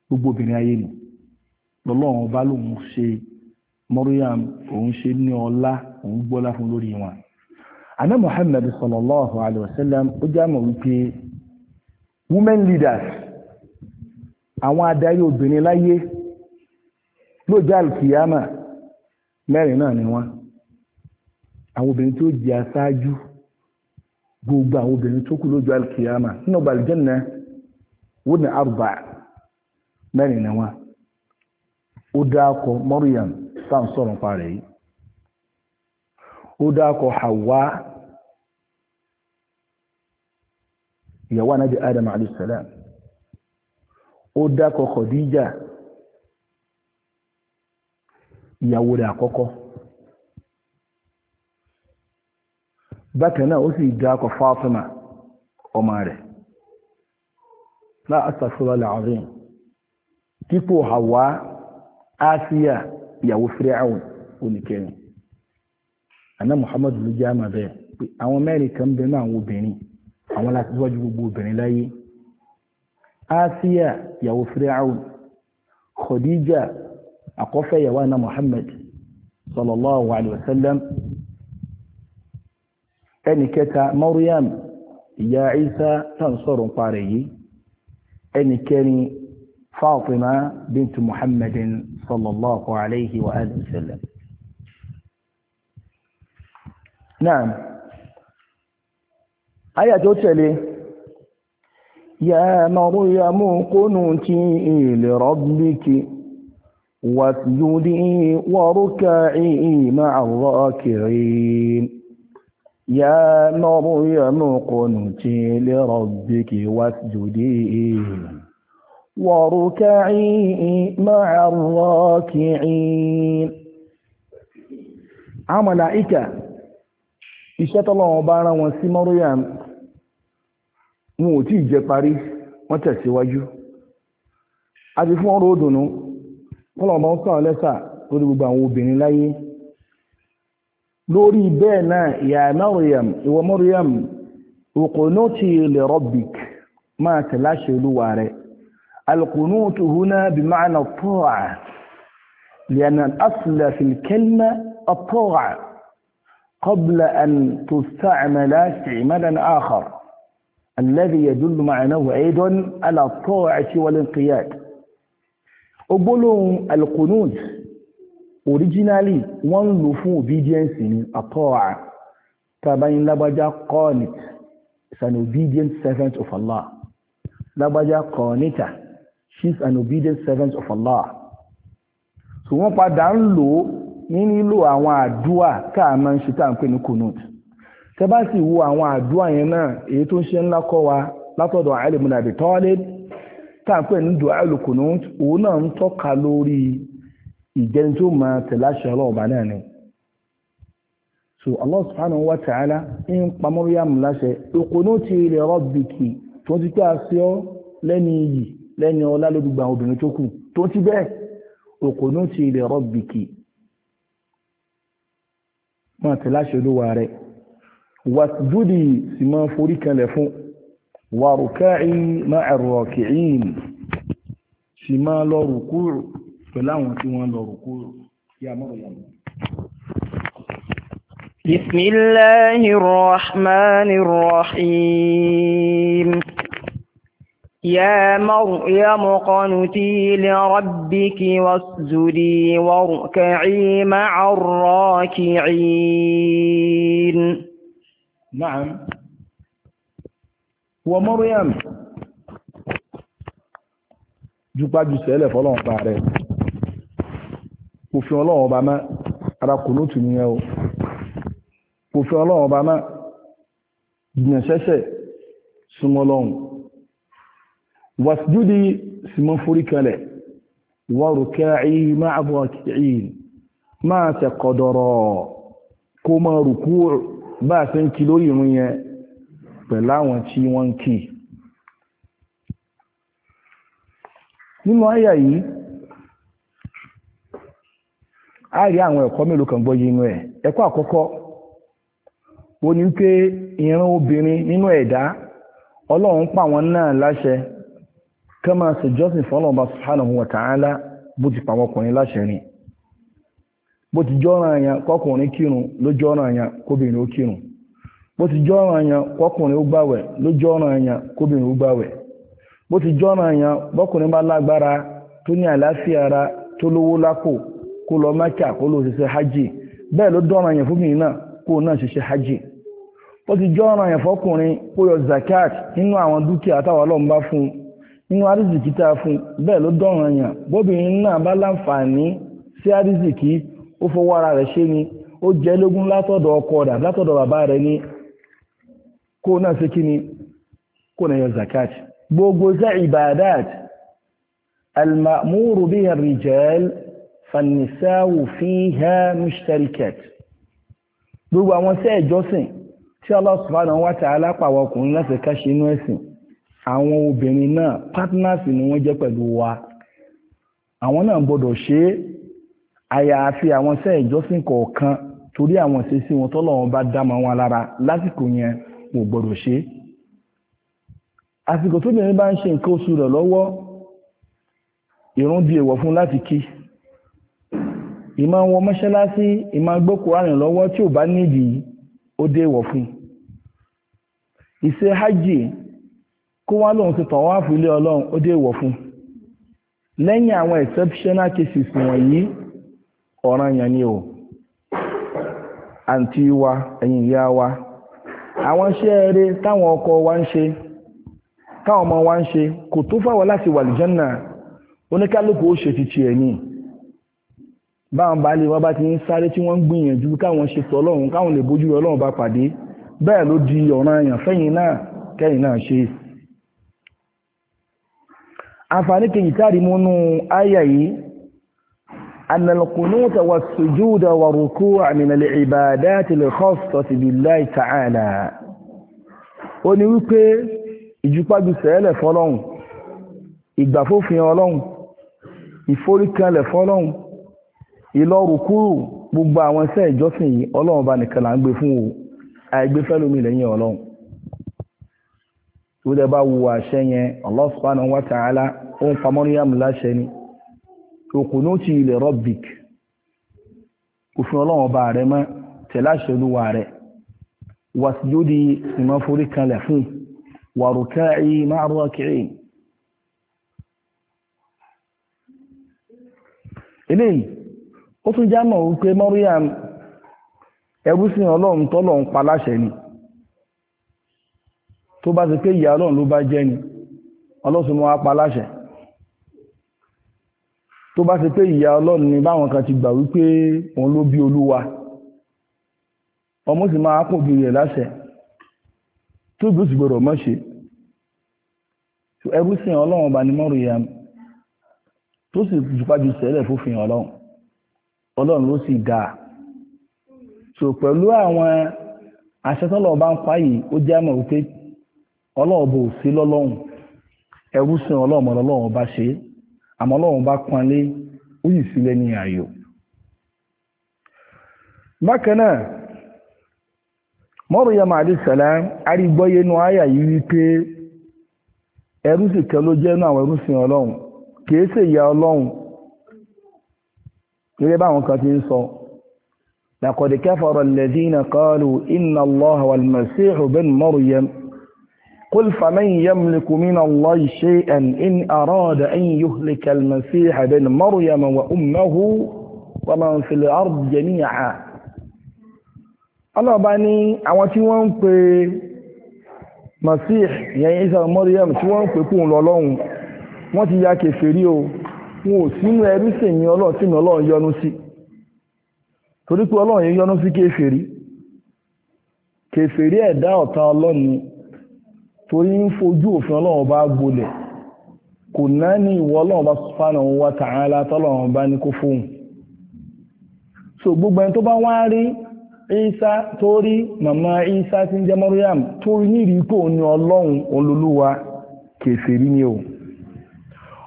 gbogbo obìnrin ayé ni lọ́lọ́run ọba lòun ṣe Mariam òun ṣe ní ọlá òun gbọ́lá fún lórí wọn àná Muhammad sallallahu alayhi wa sallam ó jámọ̀ wípé women leaders àwọn adarí obìnrin láyé ló jẹ́ alkiyama mẹ́rin náà ni wọ́n àwọn obìnrin tí ó aṣáájú gbogbo àwọn obìnrin tó kú lójú alkiyama nínú ọba aljanna wọ́n ní arba mẹ́rin ni wọ́n ó dákọ Maryam sáà sọ̀rọ̀ parẹ̀ yìí ó dákọ Hawa ìyàwó anábì Adam alayhi salam ó dákọ Khadija ìyàwó rẹ̀ àkọ́kọ́ bákan náà ó sì dákọ̀ Fátímà ọmọ rẹ̀ láàásàfúrà láàrin kípò Hawa Asiya ìyàwó Fir'aun oníkẹrin aná Muhammadu ló jẹ́ àmà bẹ́ẹ̀ pé àwọn mẹ́rin kan bẹ náà àwọn obìnrin àwọn láti wájú gbogbo obìnrin láyé Asiya ìyàwó Fir'aun Khadija àkọ́fẹ́ ìyàwó aná Muhammad sallallahu alaihi wasallam ẹni kẹta Maryam ìyá Isa tán sọ̀rọ̀ parí yìí ẹni kẹrin Fatima bintu Muhammadin sallallahu alayhi wa alihi wa sallam نعم آية توتلي يا مريم قنوتي لربك واسجدي واركعي مع الراكعين يا مريم قنتي لربك واسجدي واركعي مع الراكعين àwọn màláíkà iṣẹ́ tọ́lọ́wọ́n bá rán wọn sí Maryam wọn ò tí ì jẹ parí wọ́n tẹ̀síwájú a ti fún ọrọ̀ lórí bẹ́ẹ̀ náà ìyá Maryam ìwọ Maryam uqunuti li rabbik máa tẹ̀láṣẹ olúwa rẹ̀ alqunutu huna bi ma'na at-ta'a li'anna al-asla fi al-kalima at-ta'a قبل أن تستعمل استعمالا آخر الذي يدل معناه أيضا على الطاعة والانقياد أقول القنوت originally wọ́n ń lò fún obedience ní atọ́à tàbáyín lágbájá qanit is obedient servant of Allah she is an obedient servant of Allah so wọ́n padà ń lò ní nílò àwọn àdúà káà máa ń ṣe tá à ń pè ní kunut sì wo àwọn àdúà yẹn náà èyí tó ń ṣe ńlá kọ́ wa látọ̀dọ̀ tá du'a òun náà ń tọ́ka ìjẹni tó máa tẹ̀lé àṣẹ náà ni so Allah subhanahu wa ta'ala ń pa Maryam láṣẹ uqunuti li rabbiki tó ti pé àṣẹ ọ lẹ́ni iyì lẹ́ni ọlá ló gbogbo àwọn obìnrin tó kù tó ti bẹ́ẹ̀ uqunuti li rabbiki máa tẹ̀lé àṣẹ olówó rẹ̀ wàtúdì sì máa forí kanlẹ̀ fún wàrùkáì máa ẹ̀rọ̀ kìín sì máa lọ rùkúrù pẹ̀lú àwọn tí wọ́n lọ rùkú بسم الله الرحمن الرحيم يا مريم قنتي لربك واسجدي واركعي مع الراكعين نعم ومريم جوبا جوسيلف الله بارك kò fi ọba ara o kò fi ọba mọ́ ṣẹ́ṣẹ́ súnmọ́ lọ́hùn wàsíjúdi sì forí kalẹ̀ wà rùkẹ́rì máa àbọ̀ kìí máa ṣe kọ̀dọ̀rọ̀ kó máa rùkú bá a a rí àwọn ẹ̀kọ́ mélòó kan gbọ́yé inú ẹ̀ ẹ̀kọ́ àkọ́kọ́ ó ní pé ìran obìnrin nínú ẹ̀dá ọlọ́run pa wọn náà láṣẹ kí wọ́n máa ṣèjọ́sìn fún ọlọ́run subhanahu wa ta'ala bó ti pa ọkùnrin láṣẹ rìn bó ti àyàn kọkùnrin kírun ló àyàn kóbìnrin ó kírun bó ti àyàn kọkùnrin ó gbàwẹ̀ ló àyàn kó lọ mẹ́kà kó lọ ṣiṣẹ́ hajj bẹ́ẹ̀ ló dọ́ra yẹn fún mi náà kó náà ṣiṣẹ́ hajj ó ti jọ́ra yẹn fọkùnrin kó yọ zakat nínú àwọn dúkìá táwọn ọlọ́run bá fún nínú àrísìkí tá a fún bẹ́ẹ̀ ló dọ́ra yẹn bóbìnrin náà bá láǹfààní sí àrísìkí ó fowó ara rẹ̀ ṣe ni ó jẹ́ lógún látọ̀dọ̀ ọkọ rẹ̀ látọ̀dọ̀ bàbá rẹ̀ ni kó náà ṣe kí ni kó náà yọ zakat gbogbo iṣẹ́ ibadat al-ma'muru bihi fanisáwù fiha mushtarikat gbogbo àwọn iṣẹ́ ìjọsìn tí Allah subhanahu wa ta'ala pa àwọn ọkùnrin láti káṣe inú ẹ̀sìn àwọn obìnrin náà partners ni wọ́n jẹ́ pẹ̀lú wa àwọn náà gbọ́dọ̀ ṣe é àyàfi àwọn iṣẹ́ ìjọsìn kọ̀ọ̀kan torí àwọn ìṣesí wọn tọ́lọ́run bá dá mọ́ wọn lára lásìkò yẹn kò gbọ́dọ̀ ṣe é àsìkò tóbìnrin bá ń ṣe nǹkan oṣù rẹ̀ lọ́wọ́ ìrún di èèwọ̀ fún láti kí ìmọ̀ wọ mọ́ṣáláṣí ìmọ̀ gbọ́ kùránì lọ́wọ́ tí ò bá nídìí ó dé wọ̀ fún ìṣe hajj kó wá lóun ti tọ̀wáàfù ilé ọlọ́run ó dé wọ̀ fún lẹ́yìn àwọn exceptional cases wọ̀nyí ọ̀ràn yẹn ni o àǹtí wa ẹ̀yìn ìyá wa àwọn iṣẹ́ eré táwọn ọkọ wa ń ṣe táwọn ọmọ wa ń ṣe kò tó fáwọn láti wà lìjọ́nà oníkálukú ó ṣe ti tiẹ̀ nìyí báwọn baálé wa bá ti ń sáré tí wọ́n ń gbìyànjú káwọn ṣe tọ́ ọlọ́run káwọn lè bójú ọlọ́run bá pàdé bẹ́ẹ̀ ló di ọ̀ràn èèyàn fẹ́yìn náà kẹ́yìn náà ṣe. àǹfààní kejì táàrí mú nú àyà yìí ànàlùkùnú tàwa sùjúdà wà rúkú àmìnàlẹ̀ ìbàdá tilẹ̀ kọ́fù billahi ta'ala. ó ní wípé ìjúpájú sẹ́ẹ̀lẹ̀ fọlọ́hùn ìgbàfófin ọlọ́hùn ìforíkanlẹ̀ fọlọ́hùn ìlọrùkúrù gbogbo àwọn iṣẹ́ ìjọsìn yìí ọlọ́run bá nìkan là ń gbé fún o àìgbé fẹ́lómi lẹ́yìn ọlọ́run tó dẹ bá wo àṣẹ yẹn Allah subhanahu wa ta'ala ó ń pa Maryam láṣẹ ni òkùnútì ilẹ̀ rọ́bìk òfin ọlọ́run bá rẹ mọ́ tẹ̀láṣẹ olúwa rẹ̀ wàsíjódì ìmọ̀ forí kanlẹ̀ fún wàrùkáì máa rọ́kìrì eléyìí ó tún já mọ̀ wípé Maryam ẹrú sí ọlọ́run tọ́lọ̀ ń pa láṣẹ ni tó bá ti pé ìyá ọlọ́run ló bá jẹ́ ni ọlọ́sùn mọ́ apá láṣẹ tó bá ti pé ìyá ọlọ́run ni báwọn kan ti gbà wípé òun ló bí olúwa ọmọ sì máa kò bí rẹ̀ láṣẹ tó bí ó sì gbọdọ̀ mọ́ ṣe sí ọlọ́run ọba ni Maryam tó sì jùpájú sẹ́lẹ̀ fófin ọlọ́run ọlọ́run ló sì dáa so pẹ̀lú àwọn àṣetọ́lọ̀ bá ń pa yìí ó jẹ́ mọ̀ wípé ọlọ́run bò sí lọ́lọ́run ẹrú sin ọlọ́run bá ṣe àmọ́ ọlọ́run bá panlé ó yìí sílẹ̀ ní ayọ̀ bákan náà arígbọ́yé àyà yìí wípé ẹrú sì gẹ́gẹ́ báwọn kan ti ń sọ لقد كفر الذين قالوا إن الله والمسيح بن مريم قل فمن يملك من الله شيئا إن أراد أن يهلك المسيح بن مريم وأمه ومن في الأرض جميعا Allah bá ní àwọn tí wọ́n ń pe Masih yẹn Isa Maryam tí wọ́n ń pe kóun lọ́lọ́run wọ́n ti ya kèfèrí o wọn ò sínú ẹrú sì ní ọlọ́ọ̀tí ní ọlọ́ọ̀ yọ́nú sí torí pé ọlọ́ọ̀ yẹn sí kéfèrí ẹ̀dá ọlọ́ni torí ń fojú òfin ọlọ́run bá gbolẹ̀ kò náà ní ìwọ ọlọ́run bá ta'ala tọ́lọ́run bá ní kó fóun so gbogbo ẹni tó bá wá rí Isa tó màmá Isa tí ń jẹ́ Maryam ọlọ́run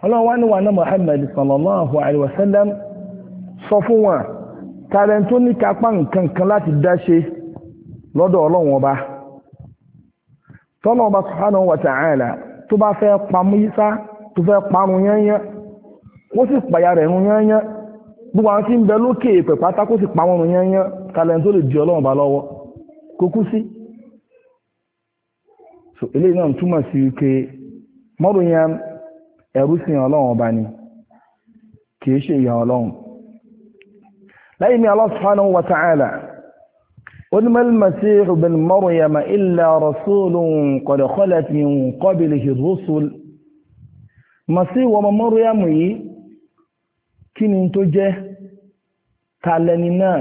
ọlọ́wọ́n wà náà Muhammad sallallahu alaihi wasallam sọ fún wọn tààrẹ tó ní kápá nǹkan kan láti dáṣe lọ́dọ̀ ọlọ́wọ́n ọba tọ́lọ́ ọba subhanahu wa ta'ala tó bá fẹ́ pamú yísá tó fẹ́ parun yányán ó sì pàyà rẹ̀ run yányán gbogbo àwọn tí ń bẹ lókè èpè pátá kó sì pamọ́ run yányán tààrẹ tó lè di ọlọ́wọ́n ọba lọ́wọ́ kó kú sí so eléyìí náà túmọ̀ sí wípé mọ́rùn-ún ẹrú sìn ọlọ́run ọba ni kìí ṣe ìyà ọlọ́run lẹ́yìn ni Allah subhanahu wa ta'ala onímọ̀lì masihu bin maryama illa rasulun qad khalat min qablihi rusul masihu ọmọ maryama yìí kí ni tó jẹ́ talẹni náà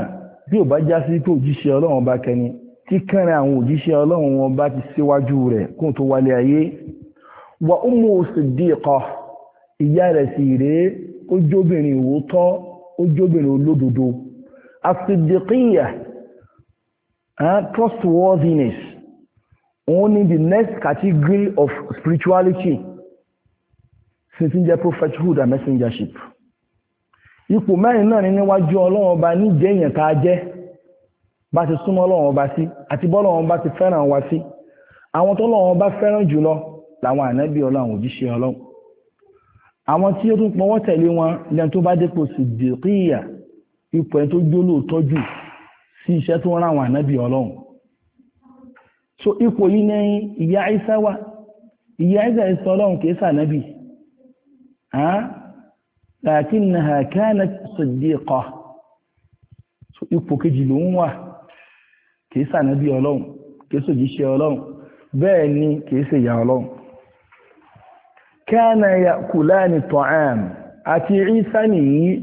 bí ò bá já sí pé òjíṣẹ́ ọlọ́run ọba kẹni tí kẹrin àwọn òjíṣẹ́ ọlọ́run ọba ti síwájú rẹ̀ kóhun tó wálé ayé wa ummu siddiqah ìyá rẹ̀ sì rèé ó jóbìnrin ìwòótọ́ ó jóbìnrin olódodo asidikiya trustworthiness òun ni the next category of spirituality since jẹ́ prophethood and messengership ipò mẹ́rin náà ní níwájú ọlọ́run ọba níjẹ́ èèyàn tá a jẹ́ bá ti súnmọ́ ọlọ́run ọba sí àti bọ́lọ́run ọba ti fẹ́ràn wa sí àwọn tọ́lọ́run ọba fẹ́ràn jùlọ làwọn ànábì ọlọ́run òjíṣẹ́ ọlọ́run àwọn tí ó tún pọwọ́ tẹ̀lé wọn lẹ́nu tó bá dépò sídìkíyà ipò ẹni tó jóló tọ́jú sí iṣẹ́ tó rán àwọn ànábì ọlọ́run so ipò yìí ní ìyá Ìsá wà ìyá Ìsá ìsọ ọlọ́run kìí sànábì lakinnaha kanat siddiqa so ipò kejì ló ń wà kìí sànábì ọlọ́run kìí sòjíṣẹ́ ọlọ́run bẹ́ẹ̀ ni kìí ṣe ìyá ọlọ́run kana yakulani ta'am àti Ìsá nìyí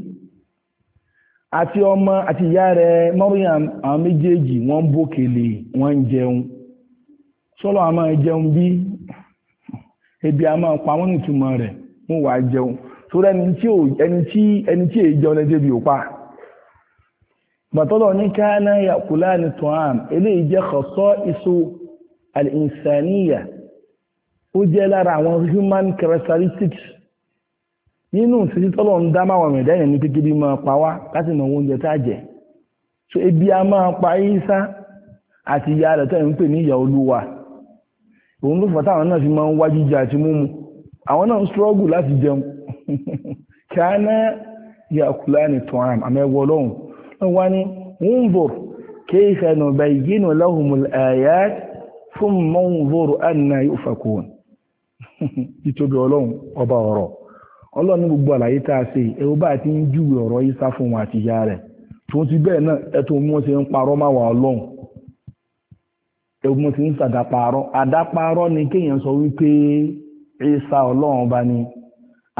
ati ọmọ àti ìyá rẹ̀ Maryam àwọn méjèèjì wọ́n ń bòkèlè wọ́n ń jẹun sọ́lọ́ a máa jẹun bí ebi a máa pa rẹ̀ jẹun tó ẹni tí ẹni tí ẹni tí bí ó jẹ́ lára àwọn human characteristics nínú ìsinmi tọ́lọ̀ ń dá máwọn ọmọ ìdáyẹ̀ ní kékeré máa pa wá láti mọ oúnjẹ tá a so ebi a máa pa ati àti ìyá rẹ̀ tó ń pè ní ìyá Olúwa òun ló fọ́tà àwọn náà fi máa ń wá jíjẹ àti múmu àwọn náà ń struggle láti jẹun kí a ná ìyá kùlá ní tọ́ram àmọ́ ẹ̀wọ̀ ọlọ́run wọ́n wá ní yìí itobe ọlọ́run ọba ọ̀rọ̀ ọlọ́run gbogbo àlàyé tá a ṣe bá ti ń júwe ọ̀rọ̀ Ìsá fún wọn àti ìyá rẹ̀ tó ti bẹ́ẹ̀ náà ẹ̀tọ́ mú ṣe ń parọ́ máa wà ọlọ́run ẹ̀rọ mú ṣe ń ṣàdáparọ́ ni kéèyàn sọ wípé Ìsá ọlọ́run ọba ni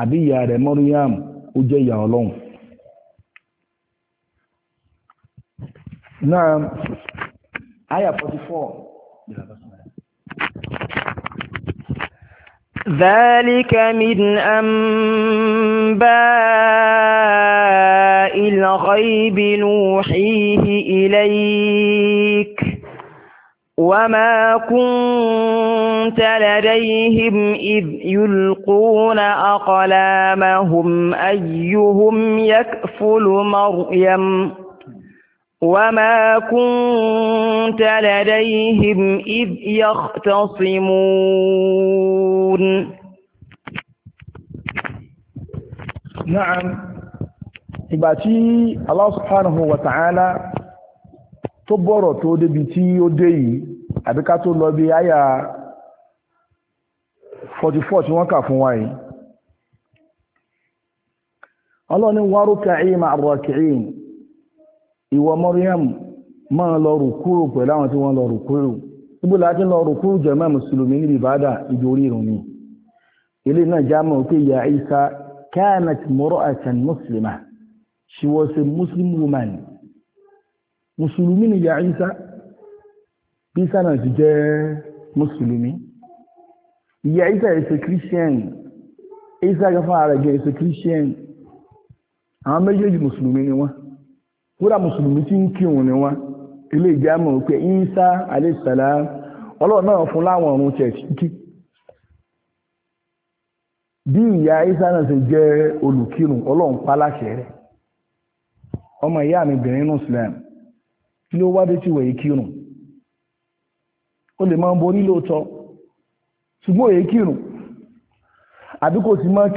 àbí ìyá rẹ̀ Mọ́ríyàm ó jẹ́ ìyá ọlọ́run. náà àyà forty four. ذلك من أنباء الغيب نوحيه إليك وما كنت لديهم إذ يلقون أقلامهم أيهم يكفل مريم وما كنت لديهم إذ يختصمون نعم إباتي الله سبحانه وتعالى تبورو تو دبيتي يودي أبكاتو لوبي آية 44 tí wọ́n kà fún wa yìí ìwọ Maryam máa lọ rùkúrù pẹ̀lú àwọn tí wọ́n lọ rùkúrù níbo láti lọ rùkúrù jàmáà mùsùlùmí níbi ìbádà ìjọ orí ìrùn ni ilé náà já mọ̀ pé ìyá Isa kanat mura'atan muslima she was a muslim woman mùsùlùmí ni ìyá Isa bí Isa náà ti jẹ́ mùsùlùmí ìyá Isa is a Christian Isa gafa ara is a Christian àwọn méjèèjì mùsùlùmí ni wọ́n kúrà musulmi tí ń kírun ni wọ́n ilé ìjámọ̀ pé Isa alẹ́sàlá ọlọ́run náà fún láwọn ọ̀run chẹ̀sí kí bí ìyá Isa náà ṣe jẹ́ ọlọ́run paláṣẹ ọmọ ìyá mi bìnrin nù Islam kí ló wádé tí wòye ó lè máa ń borí lóòótọ́ ṣùgbọ́n òye àbí kò sì máa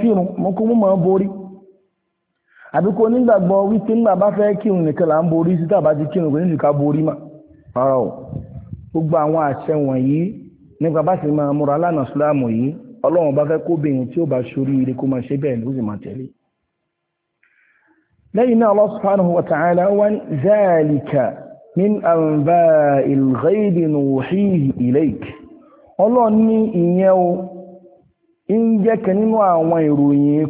àbí kò nígbàgbọ́ wípé ńgbà bá fẹ́ kírun nìkan là ń borí sí tàbá ti kírun kò ní ìdíkà borí mà rárá o gbogbo àwọn àṣẹ wọ̀nyí nípa bá sì máa múra lánàá síláàmù yìí ọlọ́run bá fẹ́ kóbìnrin tí ó bá ṣorí ire kó máa ṣe bẹ́ẹ̀ ló sì máa min ọlọ́run ní ìyẹn o ń jẹ́ nínú àwọn ìròyìn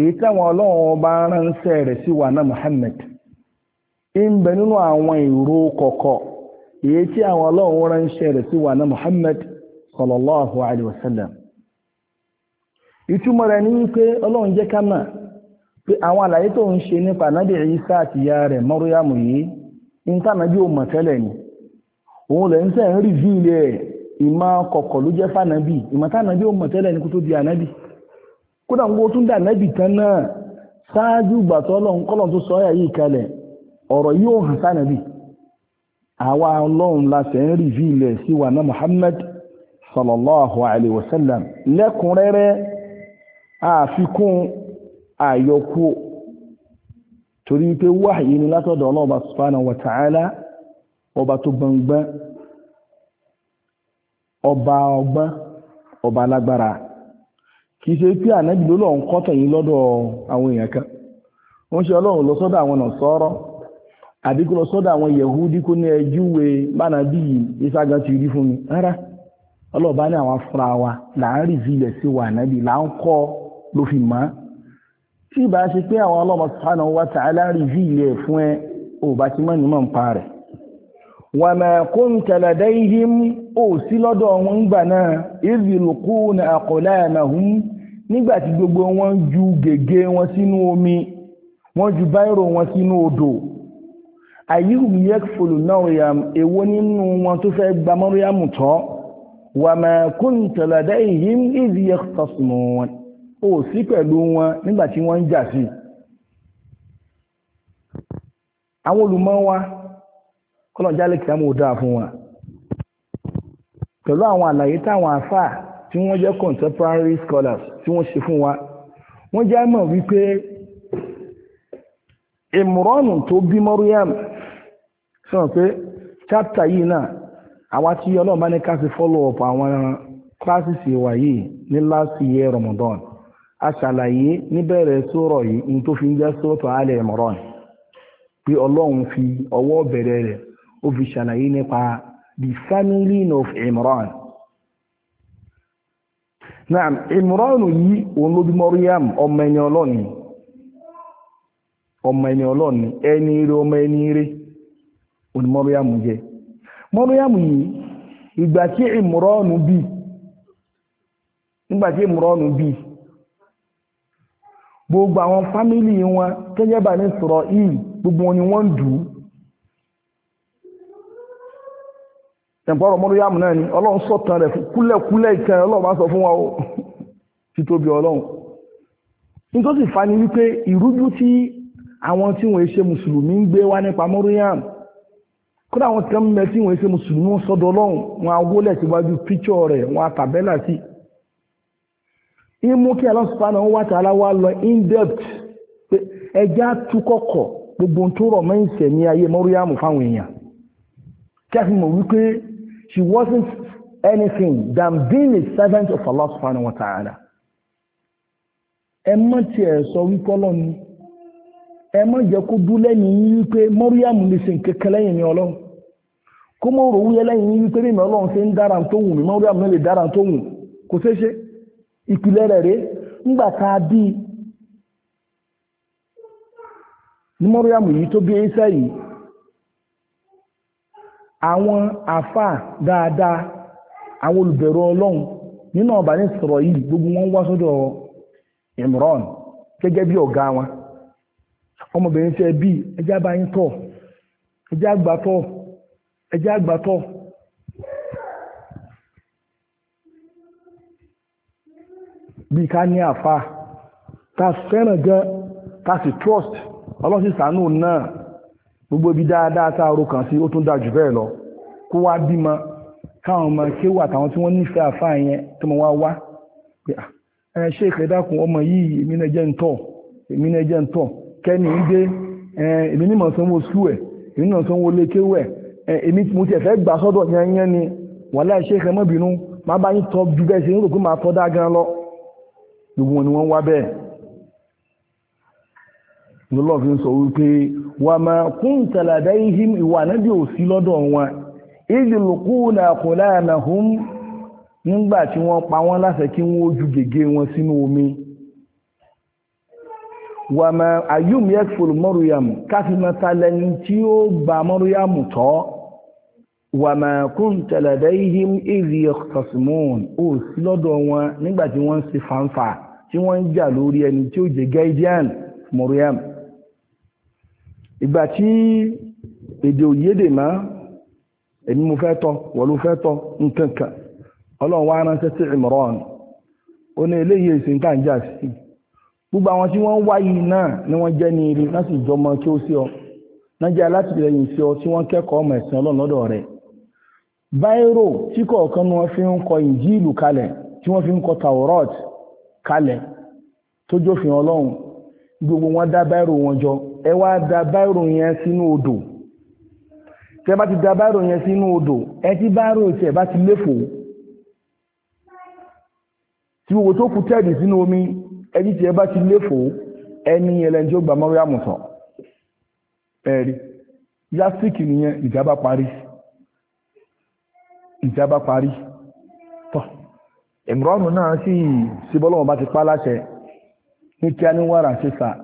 èyí táwọn ọlọ́run ọba ránṣẹ́ rẹ̀ sí wa náà Muhammad ń nínú àwọn ìró kọ̀kọ̀ èyí tí àwọn ọlọ́run ránṣẹ́ rẹ̀ sí wa náà Muhammad sallallahu Alaihi Wasallam. ìtumọ̀ rẹ̀ ní wípé ọlọ́run jẹ́ ká pé àwọn àlàyé tó ń ṣe nípa nábì Ìsá àti ìyá rẹ̀ Mọ́ríyàmù yìí ń tànà bí tẹ́lẹ̀ ni òun lẹ́yìn ń rí ìmọ̀ kọ̀kọ̀ ló jẹ́ kódà gbogbo tún dà nẹ́bì kan náà ṣáájú ìgbà tó ọlọ́run kọ́lọ̀ tó sọ yìí kalẹ̀ ọ̀rọ̀ yóò hàn sánàbì àwa ọlọ́run la ṣe ń rí fi ilẹ̀ sí wa náà Muhammad sallallahu alaihi wasallam lẹ́kùnrẹ́rẹ́ àfikún àyọkú torí pé wáyé ni látọ̀dọ̀ ọlọ́ọ̀bá subhanahu wa ọba tó gbọngbọ́n ọba ọgbọ́n ọba kì í ṣe pé ànábì ló lọ́n kọ́ tẹ̀yìn lọ́dọ̀ àwọn èèyàn kan wọ́n ṣe ọlọ́run lọ sọ́dọ̀ àwọn ọ̀nà sọ́rọ́ àbí kó lọ sọ́dọ̀ àwọn yẹ̀húdí kó ní ẹjúwe bánà bí ìṣàgán ti rí fún mi rárá ọlọ́ọ̀bá ní àwọn afúnra wa là ń rí ìfilẹ̀ sí wa ànábì là ń kọ́ ló fi mọ́ tí ìbá ṣe pé àwọn ọlọ́mọ sàánà wa tààlà rí ìfilẹ̀ fún ẹ ò ti mọ́ ní mọ̀ ń pa rẹ̀ وما كنت لديهم ó sí lọ́dọ̀ wọn gbà náà ìrìlùkún àkọláàmàhún nígbà tí gbogbo wọn ju gègé wọn sínú omi wọn ju báírò wọn sínú odò àyíhùn yẹ́kfòlù náà yàm èwo nínú wọn tó fẹ́ gba mọ́ríyàmù tọ́ wà máa kún tẹ̀lẹ̀dẹ́ ìhìm ìdí yẹ́kọ̀tọ̀sùmọ̀ wọn ó sí pẹ̀lú wọn nígbà tí ń jà sí àwọn olùmọ̀ wa kọ́lọ̀ jálẹ̀ kí á mú dáa fún wa pẹ̀lú àwọn àlàyé táwọn àfáà tí wọ́n jẹ́ contemporary scholars tí wọ́n ṣe fún wa wọ́n jẹ́ mọ̀ wípé ìmùrọ́nù tó bí Maryam sọ̀rọ̀ pé chapter yìí náà àwa tí ọlọ́run bá ní ká fi follow up àwọn classes wa yìí ní last year Ramadan a ṣàlàyé níbẹ̀rẹ̀ sọ̀rọ̀ yìí ní tó fi ń jẹ́ sọ̀rọ̀ Al Imran pé ọlọ́run fi ọwọ́ bẹ̀rẹ̀ rẹ̀ ó yi ṣàlàyé nípa the family of Imran náà Imran yìí òun ọmọ ẹni ọlọ́ni ọmọ ẹni ọlọ́ni ẹni ire ọmọ ẹni ire òun Maryam jẹ yìí ìgbà tí Imran bí Imran bí gbogbo àwọn fámílì wọn kẹ́jẹ́ bá ní gbogbo wọn ni wọ́n tẹ̀m̀pọ̀rọ̀ mọ́ríyàmù náà ni ọlọ́run sọ̀tàn rẹ̀ kúlẹ̀kúlẹ̀ ìkẹ́ ọlọ́run bá sọ fún wa ó títóbi ọlọ́run nítorí sì fa ni wípé ìrújú tí àwọn tí wọ́n ṣe mùsùlùmí ń gbé wá nípa mọ́ríyàmù kódà àwọn tẹ́ mẹ́ tí wọ́n ṣe mùsùlùmí wọn sọ́dọ̀ ọlọ́run wọn awólẹ̀ síwájú píchọ̀ rẹ̀ wọn àtàbẹ́là sí imú kí wa ta'ala wá lọ in depth pé ẹja tukọ̀kọ̀ gbogbo ohun tó rọ̀ mọ́ ìṣẹ̀mí ayé mọ́ríyàmù fáwọn kí a fi mọ̀ wípé She wasn't anything than being a servant of Allah subhanahu wa ta'ala. sọ wípé ọlọ́run ni. wípé lè ṣe lẹ́yìn ní ọlọ́run. Kó wípé ọlọ́run ṣe ń dára tó lè dára tó wù. Kò ṣeé ṣe. Ìpìlẹ̀ rẹ̀ rèé. Ńgbà àwọn àfáà dáadáa àwọn olùbẹ̀rù ọlọ́run nínú ọba ní sọ̀rọ̀ yìí gbogbo wọn wá sọ́dọ̀ Imran gẹ́gẹ́ bí ọ̀gá wọn ọmọbìnrin tẹ bí ẹjá bá yín tọ̀ ẹjá àgbàtọ̀ ẹjá àgbàtọ̀ bí ká ní àfáà ta fẹ́ràn gan ta sì trust ọlọ́sìn sàánù náà gbogbo ibi dáadáa tá a ro kàn sí ó tún dájú bẹ́ẹ̀ lọ kó wá bímọ káwọn ọmọ kéwù àtàwọn tí wọ́n nífẹ̀ẹ́ àfáà yẹn tó mọ wá wá ah, ẹ ṣe ìkẹ́dàkùn ọmọ yìí èmi náà jẹ́ ń tọ̀ èmi náà jẹ́ ń tọ̀ kẹ́ni ń dé èmi ní mọ̀ sanwó ẹ̀ èmi náà sanwó lé kéwù ẹ̀ èmi mo tiẹ̀ fẹ́ gbà sọ́dọ̀ yẹnyẹn ni wàhálà ṣe ìkẹ́ mọ́bìnú máa bá yín tọ́ ju bẹ́ẹ̀ ṣe ń rò pé máa tọ́ dá gan lọ gbogbo wọn ni wọ́n wá bẹ́ẹ̀ lọ́lọ́ fi ń sọ wípé wà máa kún tàlàdá ihim ìwà náàbí ò sí lọ́dọ̀ wọn ìjìlùkú náà kò láàánà hún nígbà tí wọ́n pa wọ́n láṣẹ kí wọ́n ojú gègé wọn sínú omi wà máa ayum yẹ́kfòl mọ́rùyàmù káfí máa talẹ́ni tí ó gba mọ́rùyàmù tọ́ wà máa kún tàlàdá ihim ìrì ọ̀sọ̀sìmọ́ọ̀n ò sí lọ́dọ̀ wọn nígbà tí wọ́n ń ṣe fanfa tí wọ́n ń jà lórí ẹni tí ó jẹ́ gẹ́ẹ́díàn mọ́rùyàmù ìgbà tí èdè òyédè má èmi mo fẹ́ tọ́ wọ́n ló fẹ́ tọ́ nǹkan kan ọlọ́run wá ránṣẹ́ sí Imran ó ní eléyìí èsì nǹkan jà sí gbogbo àwọn tí wọ́n wáyé náà ni wọ́n jẹ́ ní irin náà sì jọmọ kí ó sí ọ náà jẹ́ alátìlẹyìn sí ọ tí wọ́n kẹ́kọ̀ọ́ ọmọ ẹ̀sìn ọlọ́run lọ́dọ̀ rẹ̀ báírò tí kọ̀ọ̀kan ni wọ́n fi ń kọ ìnjíìlù kalẹ̀ tí wọ́n fi ń kọ tàwọ́rọ́ọ̀tì kalẹ̀ tó jófin ọlọ́run gbogbo wọn dá báírò wọn jọ ẹ wá da báírò yẹn sínú odò tẹ́ bá ti da báírò yẹn sínú odò ẹ tí báírò tẹ́ bá ti léfòó tí owó tó kù tẹ́ẹ̀dì sínú omi ẹ tí tẹ́ bá ti léfòó ẹni ẹlẹ́ni tí ó gba mọ́rí àmùtàn ẹ̀rí yásíkì nìyẹn ìjà parí ìjà parí tọ́ ìmùrọ́nù náà sì ṣe bọ́lọ́wọ́ bá ti pa láṣẹ ní kí á ní wàrà ṣe sà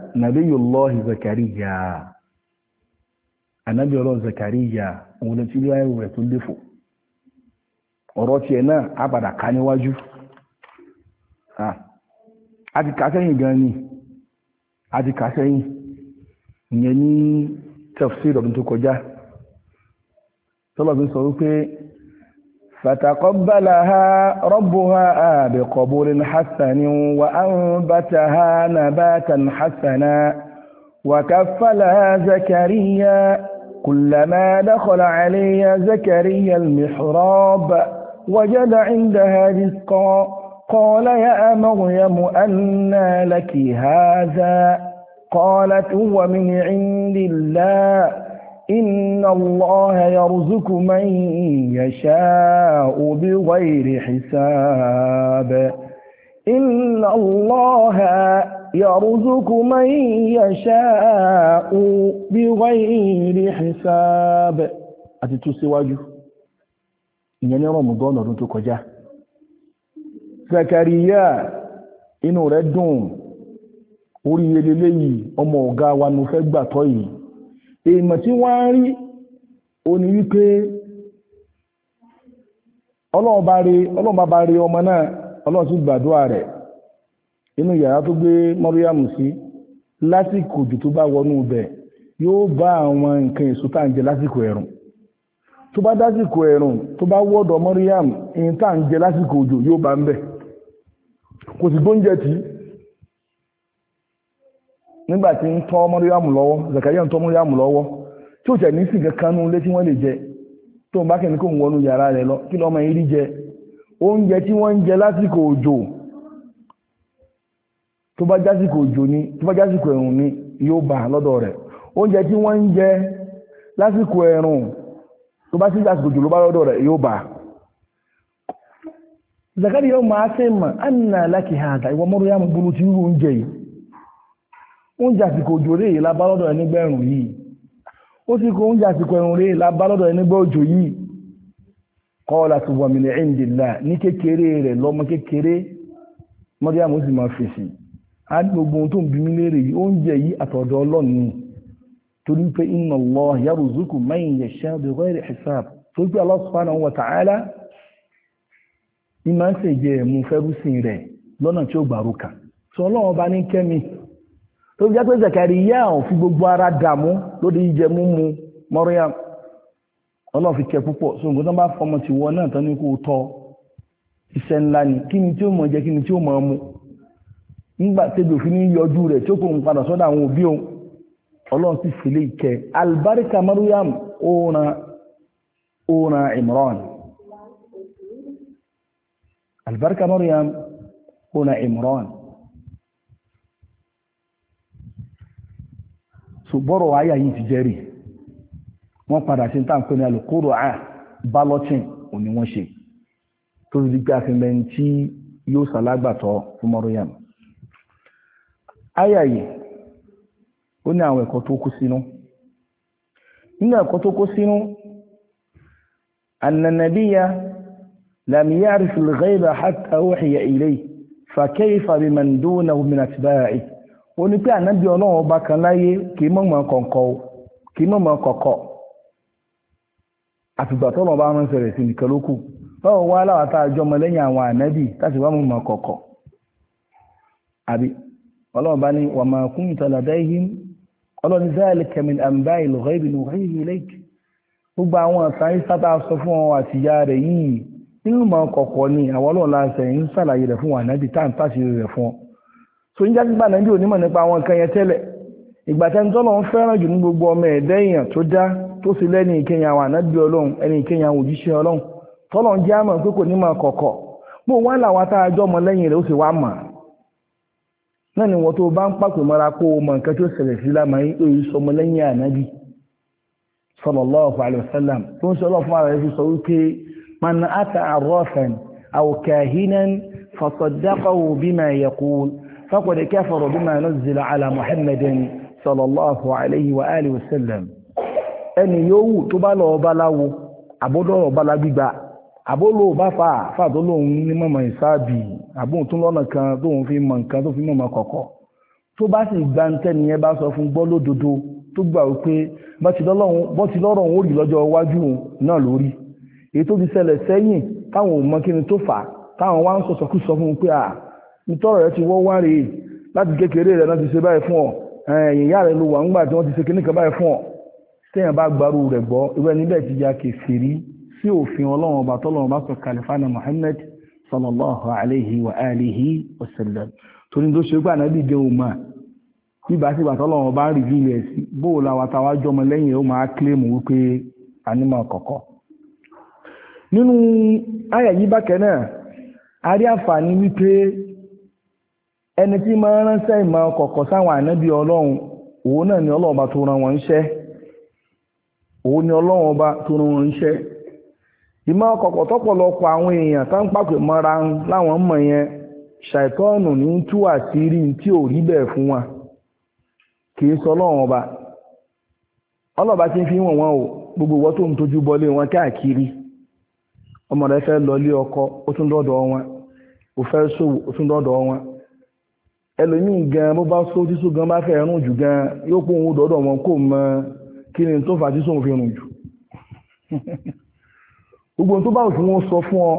nàbíyùlọ́hì zakariya anábì ọlọ́ zakariya òun lè tí ó rẹ̀ tó léfò ọ̀rọ̀ tiẹ̀ náà á padà ká níwájú a ti kà sẹ́yìn gan tafsir tó kọjá فتقبلها ربها بقبول حسن وأنبتها نباتا حسنا وكفلها زكريا كلما دخل علي زكريا المحراب وجد عندها رزقا قال يا مريم أنى لك هذا قالت هو من عند الله إن الله يرزق من يشاء بغير حساب إن الله يرزق من يشاء بغير حساب àti tún síwájú ìyẹn ní Ramadan ọdún tó kọjá Zakariya inú rẹ̀ dùn orí eléléyìí ọmọ ọ̀gá wa ní fẹ́ gbàtọ́ yìí èèmọ̀ tí wọ́n ń rí òní wípé ọlọ́ọ̀bá bá rí ọmọ náà ọlọ́run sì gbàdúrà rẹ̀ inú yàrá tó gbé mọ́ríyàmù sí lásìkò jù tó bá wọnú ibẹ̀ yóò bá àwọn nǹkan èso tá ń jẹ lásìkò ẹ̀rùn tó bá dásìkò nigbati tí ń tọ́ mọ́ríyàmù lọ́wọ́ Zakariya ń tọ́ mọ́ríyàmù lọ́wọ́ tí ó tẹ̀ ní sí kankan nú ilé tí wọ́n lè jẹ tó ń bá kẹ́ni kó ń wọnú yàrá rẹ̀ lọ kí lọ́mọ yìí rí jẹ oúnjẹ tí wọ́n ń jẹ lásìkò òjò tó bá jásìkò òjò ni tó bá ni yóò bà lọ́dọ̀ rẹ̀ oúnjẹ tí wọ́n ń jẹ lásìkò ẹ̀rùn tó bá sí jásìkò òjò ló bá lọ́dọ̀ rẹ̀ yóò bà yóò máa fẹ́ mọ̀ oúnjẹ àsìkò òjò rèé lábálọ́dọ̀ ẹni gbẹ̀rùn yìí ó sì kó oúnjẹ àsìkò ẹ̀rùn rèé lábálọ́dọ̀ ẹni gbẹ̀ òjò yìí kọ́ọ̀lá tó wà mílẹ̀ ẹ̀ǹdìlá ní kékeré rẹ̀ lọ́mọ kékeré mọ́ríàmù sì máa fèsì á ní gbogbo ohun tó ń bí mi léèrè yìí oúnjẹ yìí àtọ̀dọ̀ ọlọ́run torí pé inna Allah yarzuqu man yasha bi ghairi hisab torí pé Allah subhanahu wa ta'ala ní máa sọ ọlọ́run bá ní kẹ́mi tó jẹ́ pé Zakariya ò fi gbogbo ara dààmú lórí jíjẹ múmu Maryam ọlọ́run fi kẹ púpọ̀ so nǹkan tó bá fọmọ ti wọ náà tán ní kó tọ́ iṣẹ́ ńlá ni kí ni tí ó mọ̀ jẹ́ kí ni tí ó mọ̀ mu nígbà tẹ́bi òfin ní yọjú rẹ̀ tí ó kò ń padà sọ́dọ̀ àwọn òbí òun ọlọ́run sì fìlé ìkẹ́ albarika Maryam ọ̀ràn ọ̀ràn Imran albarika Maryam ọ̀ràn Imran so bọ́rọ̀ àyà yìí ti jẹ́rì wọ́n padà sí táǹkọ́ ní alùkóró à balloting ò ní wọ́n ṣe tó fi dígbà fi mẹ́rin tí yóò sàlágbàtọ̀ fún mọ́rọ́yàm àyà yìí ó ní àwọn ẹ̀kọ́ tó kó sínú nínú ẹ̀kọ́ tó kó sínú annanabiya lam ya'rif al-ghayba hatta uhiya ilayhi fa kayfa biman dunahu min atba'ihi ó ní pé ànábì ọlọ́run ọba kan láyé kì í mọ̀mọ́ kọ̀ọ̀kọ̀ o kì í mọ̀mọ́ kọ̀ọ̀kọ̀ àfìgbà tọ́lọ̀ bá ránṣẹ́ rẹ̀ sí nìkan ló kù báwo wá láwa tá a jọ ọmọ lẹ́yìn àwọn ànábì láti wá mọ̀mọ́ kọ̀ọ̀kọ̀ àbí ọlọ́run bá ní wàmà kún ìtàládẹ́yìn ọlọ́ni záàlì kẹmin àmbá ìlúgọ́ ìbìnú ìhìn ilẹ̀kì gbogbo àwọn àtàrí sátá sọ fún wọn àti ìyá rẹ̀ yìí nínú mọ̀ kọ̀ọ̀kọ̀ ni àwọn ọlọ́run láṣẹ ń ṣàlàyé rẹ̀ fún wọn ànábì táǹtàṣì rẹ̀ fún wọn so ń jágbà náà bí onímọ̀ nípa àwọn nǹkan yẹn tẹ́lẹ̀ ìgbà tẹ́ni tọ́lọ̀ ń fẹ́ràn jù ní gbogbo ọmọ ẹ̀dá èèyàn tó dá tó sì lẹ́ni ìkẹyìn àwọn ànábì ọlọ́run ẹni ìkẹyìn àwọn òjíṣẹ́ ọlọ́run tọ́lọ̀ ń jẹ́ àmọ̀ pé kò nímọ̀ kọ̀kọ̀ bó wá làwọn tá a jọ ọmọ lẹ́yìn rẹ̀ ó sì wá mọ̀ náà ni wọ́n tó bá ń pàpè mọ́ra kó o mọ̀ nǹkan tó ṣẹlẹ̀ sí lámà yìí ó yìí sọmọ lẹ́yìn ànábì sallallahu alaihi فقد كفر بما نزل على محمد صلى الله عليه وآله وسلم ẹni yòówù tó bá lọ ọba láwo àbódọ́rọ̀ ọba lágbígba àbólò bá fa àfàdó lòun ní mọ̀mọ̀ ìsáàbì àbóhùn tó lọ́nà kan tóun fi mọ̀ nǹkan tó fi mọ̀mọ̀ kọ̀kọ̀ tó bá sì gba ntẹ́ni yẹn bá sọ fún gbọ́ lódodo tó gbà wípé bọ́ ti lọ́rọ̀ òun ó rí lọ́jọ́ iwájú náà lórí èyí tó ti ṣẹlẹ̀ sẹ́yìn táwọn ò mọ kí ni tó fà táwọn wá ń sọ̀sọ̀kú sọ fún un pé à ìtọ́rọ̀ rẹ̀ ti wọ́ wá rèé láti kékeré rẹ̀ náà ti ṣe báyìí fún ọ ẹ̀yìn ìyá rẹ̀ ló wà ńgbà tí wọ́n ti ṣe kíní kan báyìí fún ọ téèyàn bá gbarú rẹ̀ gbọ́ irú ẹni bẹ́ẹ̀ ti ya kèfèrí sí òfin ọlọ́run ọba tọ́lọ́run bá sọ kàlífàánà sallallahu alayhi wa alihi wa sallam torí tó ṣe gbà náà òun bíbá sí ìgbà tọ́lọ́run ń ẹni tí máa ránṣẹ́ ìmọ̀ kọ̀kọ̀ sáwọn ànábì ọlọ́run òun náà ni ọlọ́run ọba tó rán wọn iṣẹ́ òun ni ọlọ́run ọba tó rán wọn iṣẹ́ ìmọ̀ kọ̀kọ̀ tọ́pọ̀lọpọ̀ àwọn èèyàn tá ń pàpè mọ́ra láwọn mọ̀ yẹn ní tú rí tí ò rí bẹ́ẹ̀ fún kì í sọ ọlọ́run ọba ti fi wọ̀n wọn o gbogbo tó ẹlòmíì gan bó bá sọ tíṣù gan bá fẹ́ rùn jù gan yóò kó òun dọ́dọ̀ wọn kó mọ kí ni tó fà tíṣù òun fi rùn jù gbogbo tó bá òfin wọn sọ fún ọ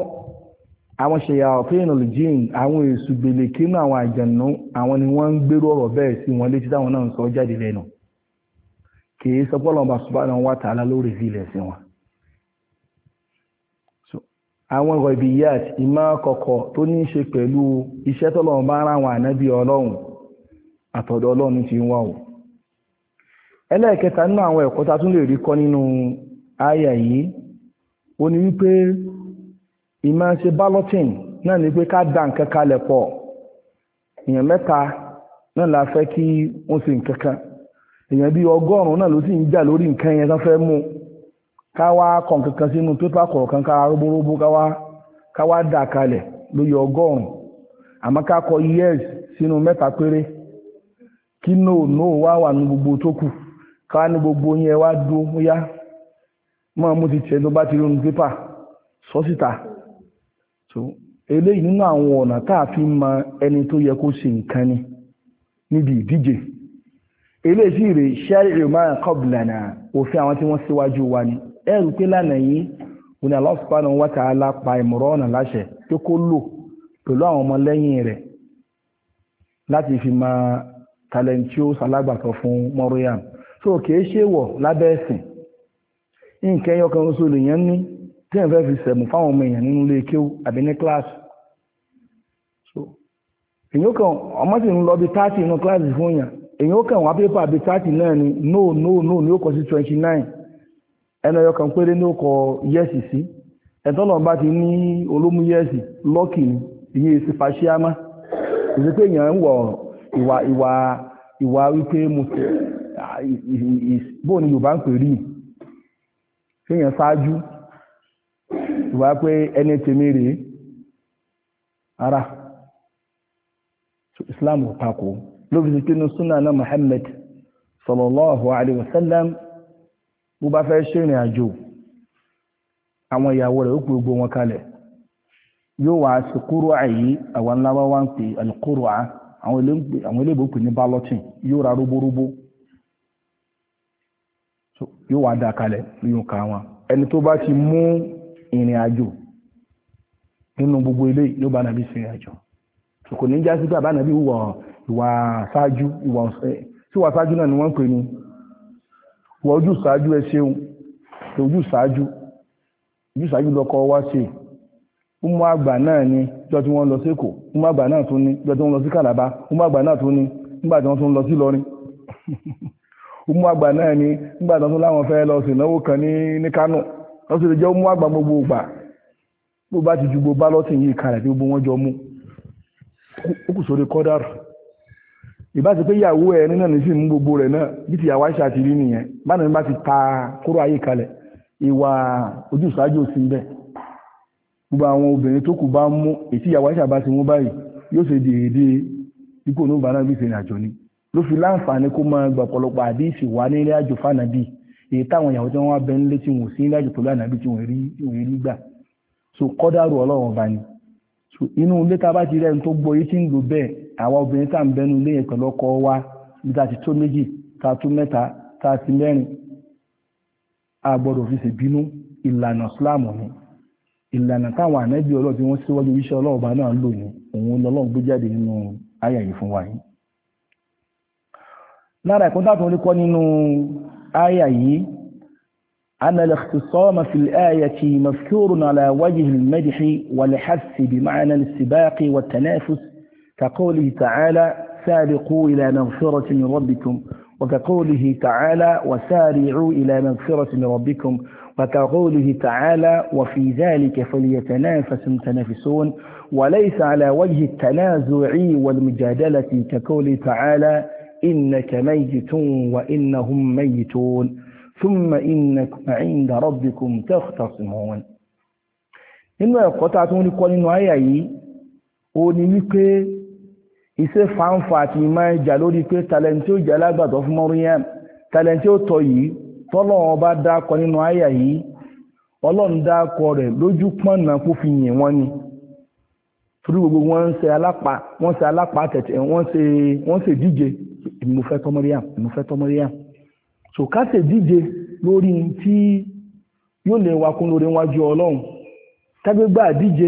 àwọn ṣèyà ọ̀fẹ́yìn ọ̀lẹ́jìn àwọn èsù gbèlèké náà àwọn àjànú àwọn ni wọ́n ń gbèrú ọ̀rọ̀ bẹ́ẹ̀ sí wọn létí táwọn náà ń sọ jáde lẹ́nu kì í sọ pé ọlọ́mọba subhanahu wa ta'ala ló rèéfì ilẹ̀ sí wọn. àwọn gọ̀bìyàt ìmọ̀ kọ̀kọ̀ tó ní í ṣe pẹ̀lú iṣẹ́ tọ́lọ́run bá wọn ànábì ọlọ́run àtọ̀dọ̀ ti ń wá o ẹlẹ́ẹ̀kẹta nínú àwọn ẹ̀kọ́ ta tún lè rí kọ́ nínú àyà yìí ó ní wípé ìmọ̀ ṣe balloting náà pé ká da la fẹ́ kí wọ́n ṣe nǹkan kan èèyàn bíi ọgọ́rùn-ún náà ló sì ń jà lórí nǹkan káwá kọ̀ kankan sínú pépà kọ̀ọ̀kan kankara rúbúrúbú káwá dà kalẹ̀ lóye ọgọ́rùn-ún àmọ́ ká kọ years sínú mẹ́ta péré kí no no wá wà ní gbogbo tó kù káwá ní gbogbo yẹn wá mo ti bá ti rí nu pépà sọ síta eléyìí nínú àwọn ọ̀nà tá a fi mọ ẹni tó yẹ kó ṣe nǹkan ni níbi ìdíje eléyìí sì wa ni E pé lánàá yìí òní Allah subhanahu wa ta'ala pa Imran láṣẹ pé kó lò pẹ̀lú àwọn lẹ́yìn rẹ̀ láti fi máa talentio salágbàtọ̀ fún Maryam so kìí ṣe wọ̀ lábẹ́ ẹ̀sìn nǹkan ẹyọ kan oṣù lèèyàn ní tí èèyàn fẹ́ fi sẹ̀mù fáwọn ọmọ èèyàn nínú ilé kéwú àbí ní kíláàsì so èèyàn kan ọmọ sì ń lọ bí táàtì inú kíláàsì fún èèyàn èèyàn kan wá pépà bí táàtì náà ni no no no ni ó kọ sí twenty nine ẹnẹyọ kan péré ní ó kọ yẹ́sì sí ẹ̀tọ́nà bá ti ní olómú yẹ́sì lọ́kì ìyẹn èsì fàṣíámá èsì pé èèyàn ń wọ ìwà ìwà ìwà wípé mo bóun ni yorùbá ara islam ò takò ló fi ṣe muhammad sallallahu alayhi wa sallam bó bá fẹ́ ṣèrìn àjò àwọn ìyàwó rẹ̀ ó pè gbogbo wọn kalẹ̀ yóò wá sí kúrò àyí àwọn ńlá wá ń pè alukúrò àwọn pè ní yóò ra rúbúrúbú yóò wá dá kalẹ̀ yóò ka wọn ẹni tó bá ti mú ìrìn àjò gbogbo ilé yóò bá nàbí sí ìrìn àjò kò ní já pé àbá nàbí ìwà ṣáájú ìwà ṣáájú náà ni wọ ojú ṣáájú ẹ ṣeun ojú ṣáájú ojú ṣáájú lọkọ wá ṣe umu àgbà náà ni jọ tí wọ́n lọ sí Èkó umu àgbà náà tún ni jọ tí wọ́n lọ sí Kàlàbá umu àgbà náà tún ni nígbà tí wọ́n tún lọ sí Ìlọrin umu àgbà náà ni nígbà tí wọ́n tún láwọn fẹ́ lọ sí ìnáwó kan ní ní Kánò wọ́n sì lè jẹ́ umu àgbà gbogbo ìgbà bó bá ti ju gbogbo bá lọ́sìn yìí kalẹ̀ tí gbogbo wọn jọ mú ó kù sórí kọ́dàrú ìbá ti pé ìyàwó ẹ nínú ní sí gbogbo rẹ náà bí ti ìyàwó ti rí nìyẹn báyìí bá ti ta kúrò ayé kalẹ̀ ìwà ojúṣàájú ò sí ń bẹ gbogbo àwọn obìnrin tó kù bá mú ètí ìyàwó àṣà bá ti mú báyìí yóò ṣe dèrèdè ipò bí àjọ ni ló fi láǹfààní kó máa gba ọ̀pọ̀lọpọ̀ àdéhìsì wá ní ilé àjò fànàbì èyí táwọn ìyàwó tí wọ́n wá bẹ nílé tí wọ́n sí ilé a àwa obìnrin tá à ń bẹnu léyìn pẹ̀lú ọkọ wa bí tá a ti tó méjì tá a tó mẹ́ta tá a ti mẹ́rin a gbọ́dọ̀ fi ṣèbínú ìlànà Islam ni ìlànà táwọn ànábì ọlọ́ọ̀ tí wọ́n síwájú iṣẹ́ ọlọ́ọ̀bá náà lò ní òun lọ́lọ́ọ̀ gbé jáde nínú ayà yìí fún wa yìí lára ẹ̀kọ́ tàbí orí kọ́ nínú ayà yìí anàlẹ̀kìtìsọ́mà fìlẹ́yàtì mafkúrùn aláwájì mẹ́dìí wàlẹ̀hásì bí máa كقوله تعالى سارقوا إلى مغفرة من ربكم وكقوله تعالى وسارعوا إلى مغفرة من ربكم وكقوله تعالى وفي ذلك فليتنافس المتنافسون وليس على وجه التنازع والمجادلة كقوله تعالى إنك ميت وإنهم ميتون ثم إنكم عند ربكم تختصمون إنه يقطع تقول قول إنه آية ó iṣẹ́ fanfa àti ìmọ̀ ìjà lórí pé tàlẹ́ntì ó jẹ́ alágbàtọ́ fún Maryam tàlẹ́ntì ó tọ̀ yìí tọ́lọ́run ọba dákọ nínú àyà yìí ọlọ́run dákọ rẹ̀ lójú pọ́nà kó fi yìn wọ́n ni torí gbogbo wọn ń ṣe alápá wọn ṣe alápá tẹ̀tẹ̀ wọn ṣe wọn ṣe díje èmi mo fẹ́ tọ́ Maryam èmi mo fẹ́ tọ́ Maryam so ká ṣe díje lórí tí yóò lè wakún lórí wájú ọlọ́run kágbégbá díje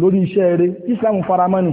lórí iṣẹ́ eré Islam faramọ́ni.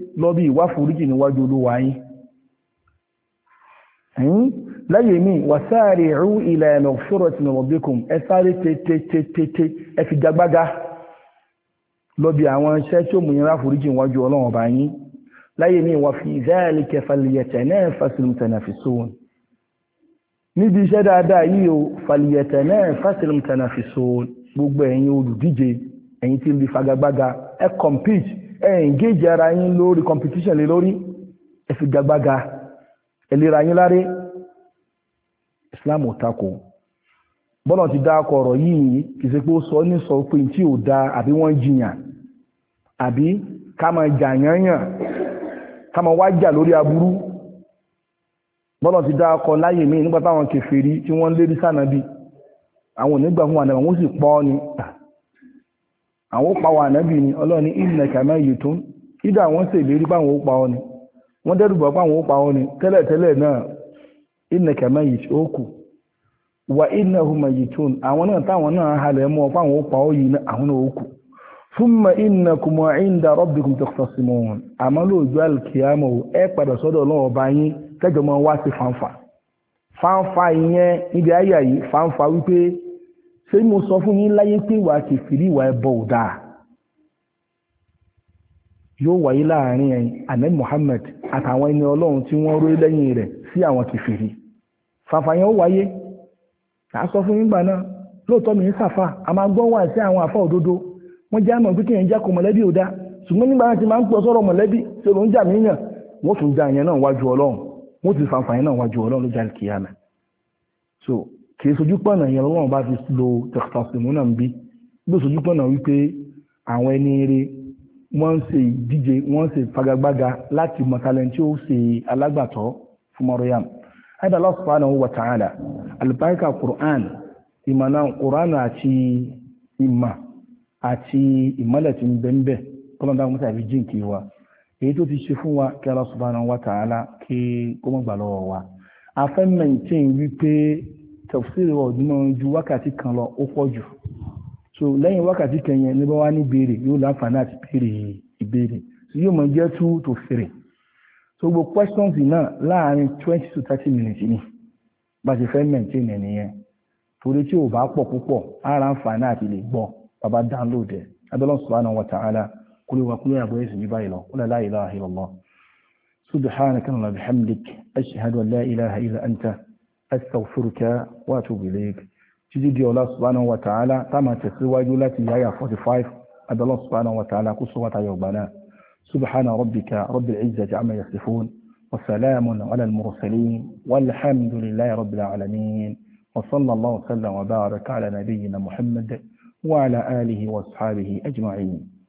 lọ́bí ìwá foríjì níwájú olúwa yín hmm? láyé mi wàsáàrí ìrú ilẹ̀ ẹ̀nà ṣọ́rọ̀ tí nà wọ̀bíkùn ẹ sáré tètè ẹ fi jagbága lọ́bí àwọn iṣẹ́ tí ó mú yín ráforíjì níwájú ọlọ́run ọba yín láyé mi wà fi ìzáàlì kẹfàlìyẹ̀tẹ̀ náà fásilùmùtẹ̀ náà fi sóhun níbi iṣẹ́ dáadáa yìí o fàlìyẹ̀tẹ̀ náà fásilùmùtẹ̀ náà fi sóhun gbogbo ẹ̀yin olùdíje ẹ̀yin tí ń bi fagagbága ẹ compete engage ara yín lórí competition lé lórí ẹ fi gagbága ẹ lè ra yín láré Islam ò bọ́nà ti dá akọ ọ̀rọ̀ yìí kì í ṣe pé ó sọ ní sọ pé tí ò da àbí wọ́n jiyàn àbí ká máa jà yányàn ká máa wá lórí aburú ti dá akọ láyè mí nígbà táwọn kèfèrí tí wọ́n sànàbí àwọn onígbà fún wọ́n sì pọ́ àwọn pa wà nábì ni ọlọ́ni ìnà kàmá yìí tún ìdá àwọn sì báwọn ó pa ọ ni wọ́n dẹ́rùbọ̀ báwọn ó pa ọ ni tẹ́lẹ̀tẹ́lẹ̀ náà ìnà kàmá yìí ó kù wà ìnà hùmà yìí tún àwọn náà táwọn náà halẹ̀ pa yìí náà àwọn ó kù kùmọ̀ sí wọn àmọ́ o ẹ padà sọ́dọ̀ yín mọ́ wá sí fanfa fanfa ayé yìí fanfa wípé ṣé mo sọ fún yín láyé pé ìwà kẹfìrí ìwà ẹbọ ò dáa yóò wáyé láàrin ẹ̀yìn ahmed muhammed àtàwọn ẹni ọlọ́run tí wọ́n ró lẹ́yìn rẹ̀ sí àwọn kìfìrí. fàfà yẹn ó wáyé á sọ fún yín gbà náà lóòótọ́ mi ń sàfà a máa gbọ́ wà àwọn òdodo já pé kí mọ̀lẹ́bí ò ṣùgbọ́n nígbà tí máa ń pọ̀ kìí sojú pọ̀nà yẹn lọ́wọ́n bá ti lo tẹ̀sítàsímúnà ń bí bí sojú pọ̀nà wípé àwọn ẹni eré wọ́n ń ṣe ìdíje wọ́n ń ṣe fagagbága láti mọ̀tálẹ́ntì ó ṣe alágbàtọ́ fún Maryam aida Allah subhanahu wa ta'ala alibarika Qur'an ìmọ̀nà Qur'an àti ìmọ̀ àti ìmọ̀lẹ̀ ń wa èyí tó ti ṣe fún wa kí kí kó wa afẹ́ tafsiri wa ọdún ju wákàtí kan lọ ó pọ̀ jù so lẹ́yìn wákàtí kan yẹn ní bá wá ní béèrè yóò láǹfààní àti béèrè ìbéèrè so yóò mọ jẹ́ two to three so gbogbo questions náà láàárín twenty to thirty minutes ni bá ṣe fẹ́ maintain ẹ̀ nìyẹn torí tí ò bá pọ̀ púpọ̀ ara ń fa náà ti lè gbọ́ bàbá download ẹ̀ abẹ́lọ́ subhanahu wa ta'ala kúlẹ̀ wa kúlẹ̀ àgbẹ̀yẹ̀ sì ní báyìí lọ ó lè la ilaha illallah subhanaka wa bihamdik ashhadu an la ilaha illa anta astaghfiruka wa atubu ilayk títí di Allah subhanahu wa ta'ala táàmà tẹ̀síwájú láti yáyà 45 adọ́lá subhanahu wa ta'ala kó sọ́wọ́ta yọ̀gbà náà subhana rabbika rabbil izzati amma yasifun wa salamun ala al-mursalin walhamdulillahi rabbil alamin wa sallallahu sallam wa baraka ala nabiyyina muhammad wa ala alihi wa ashabihi ajma'in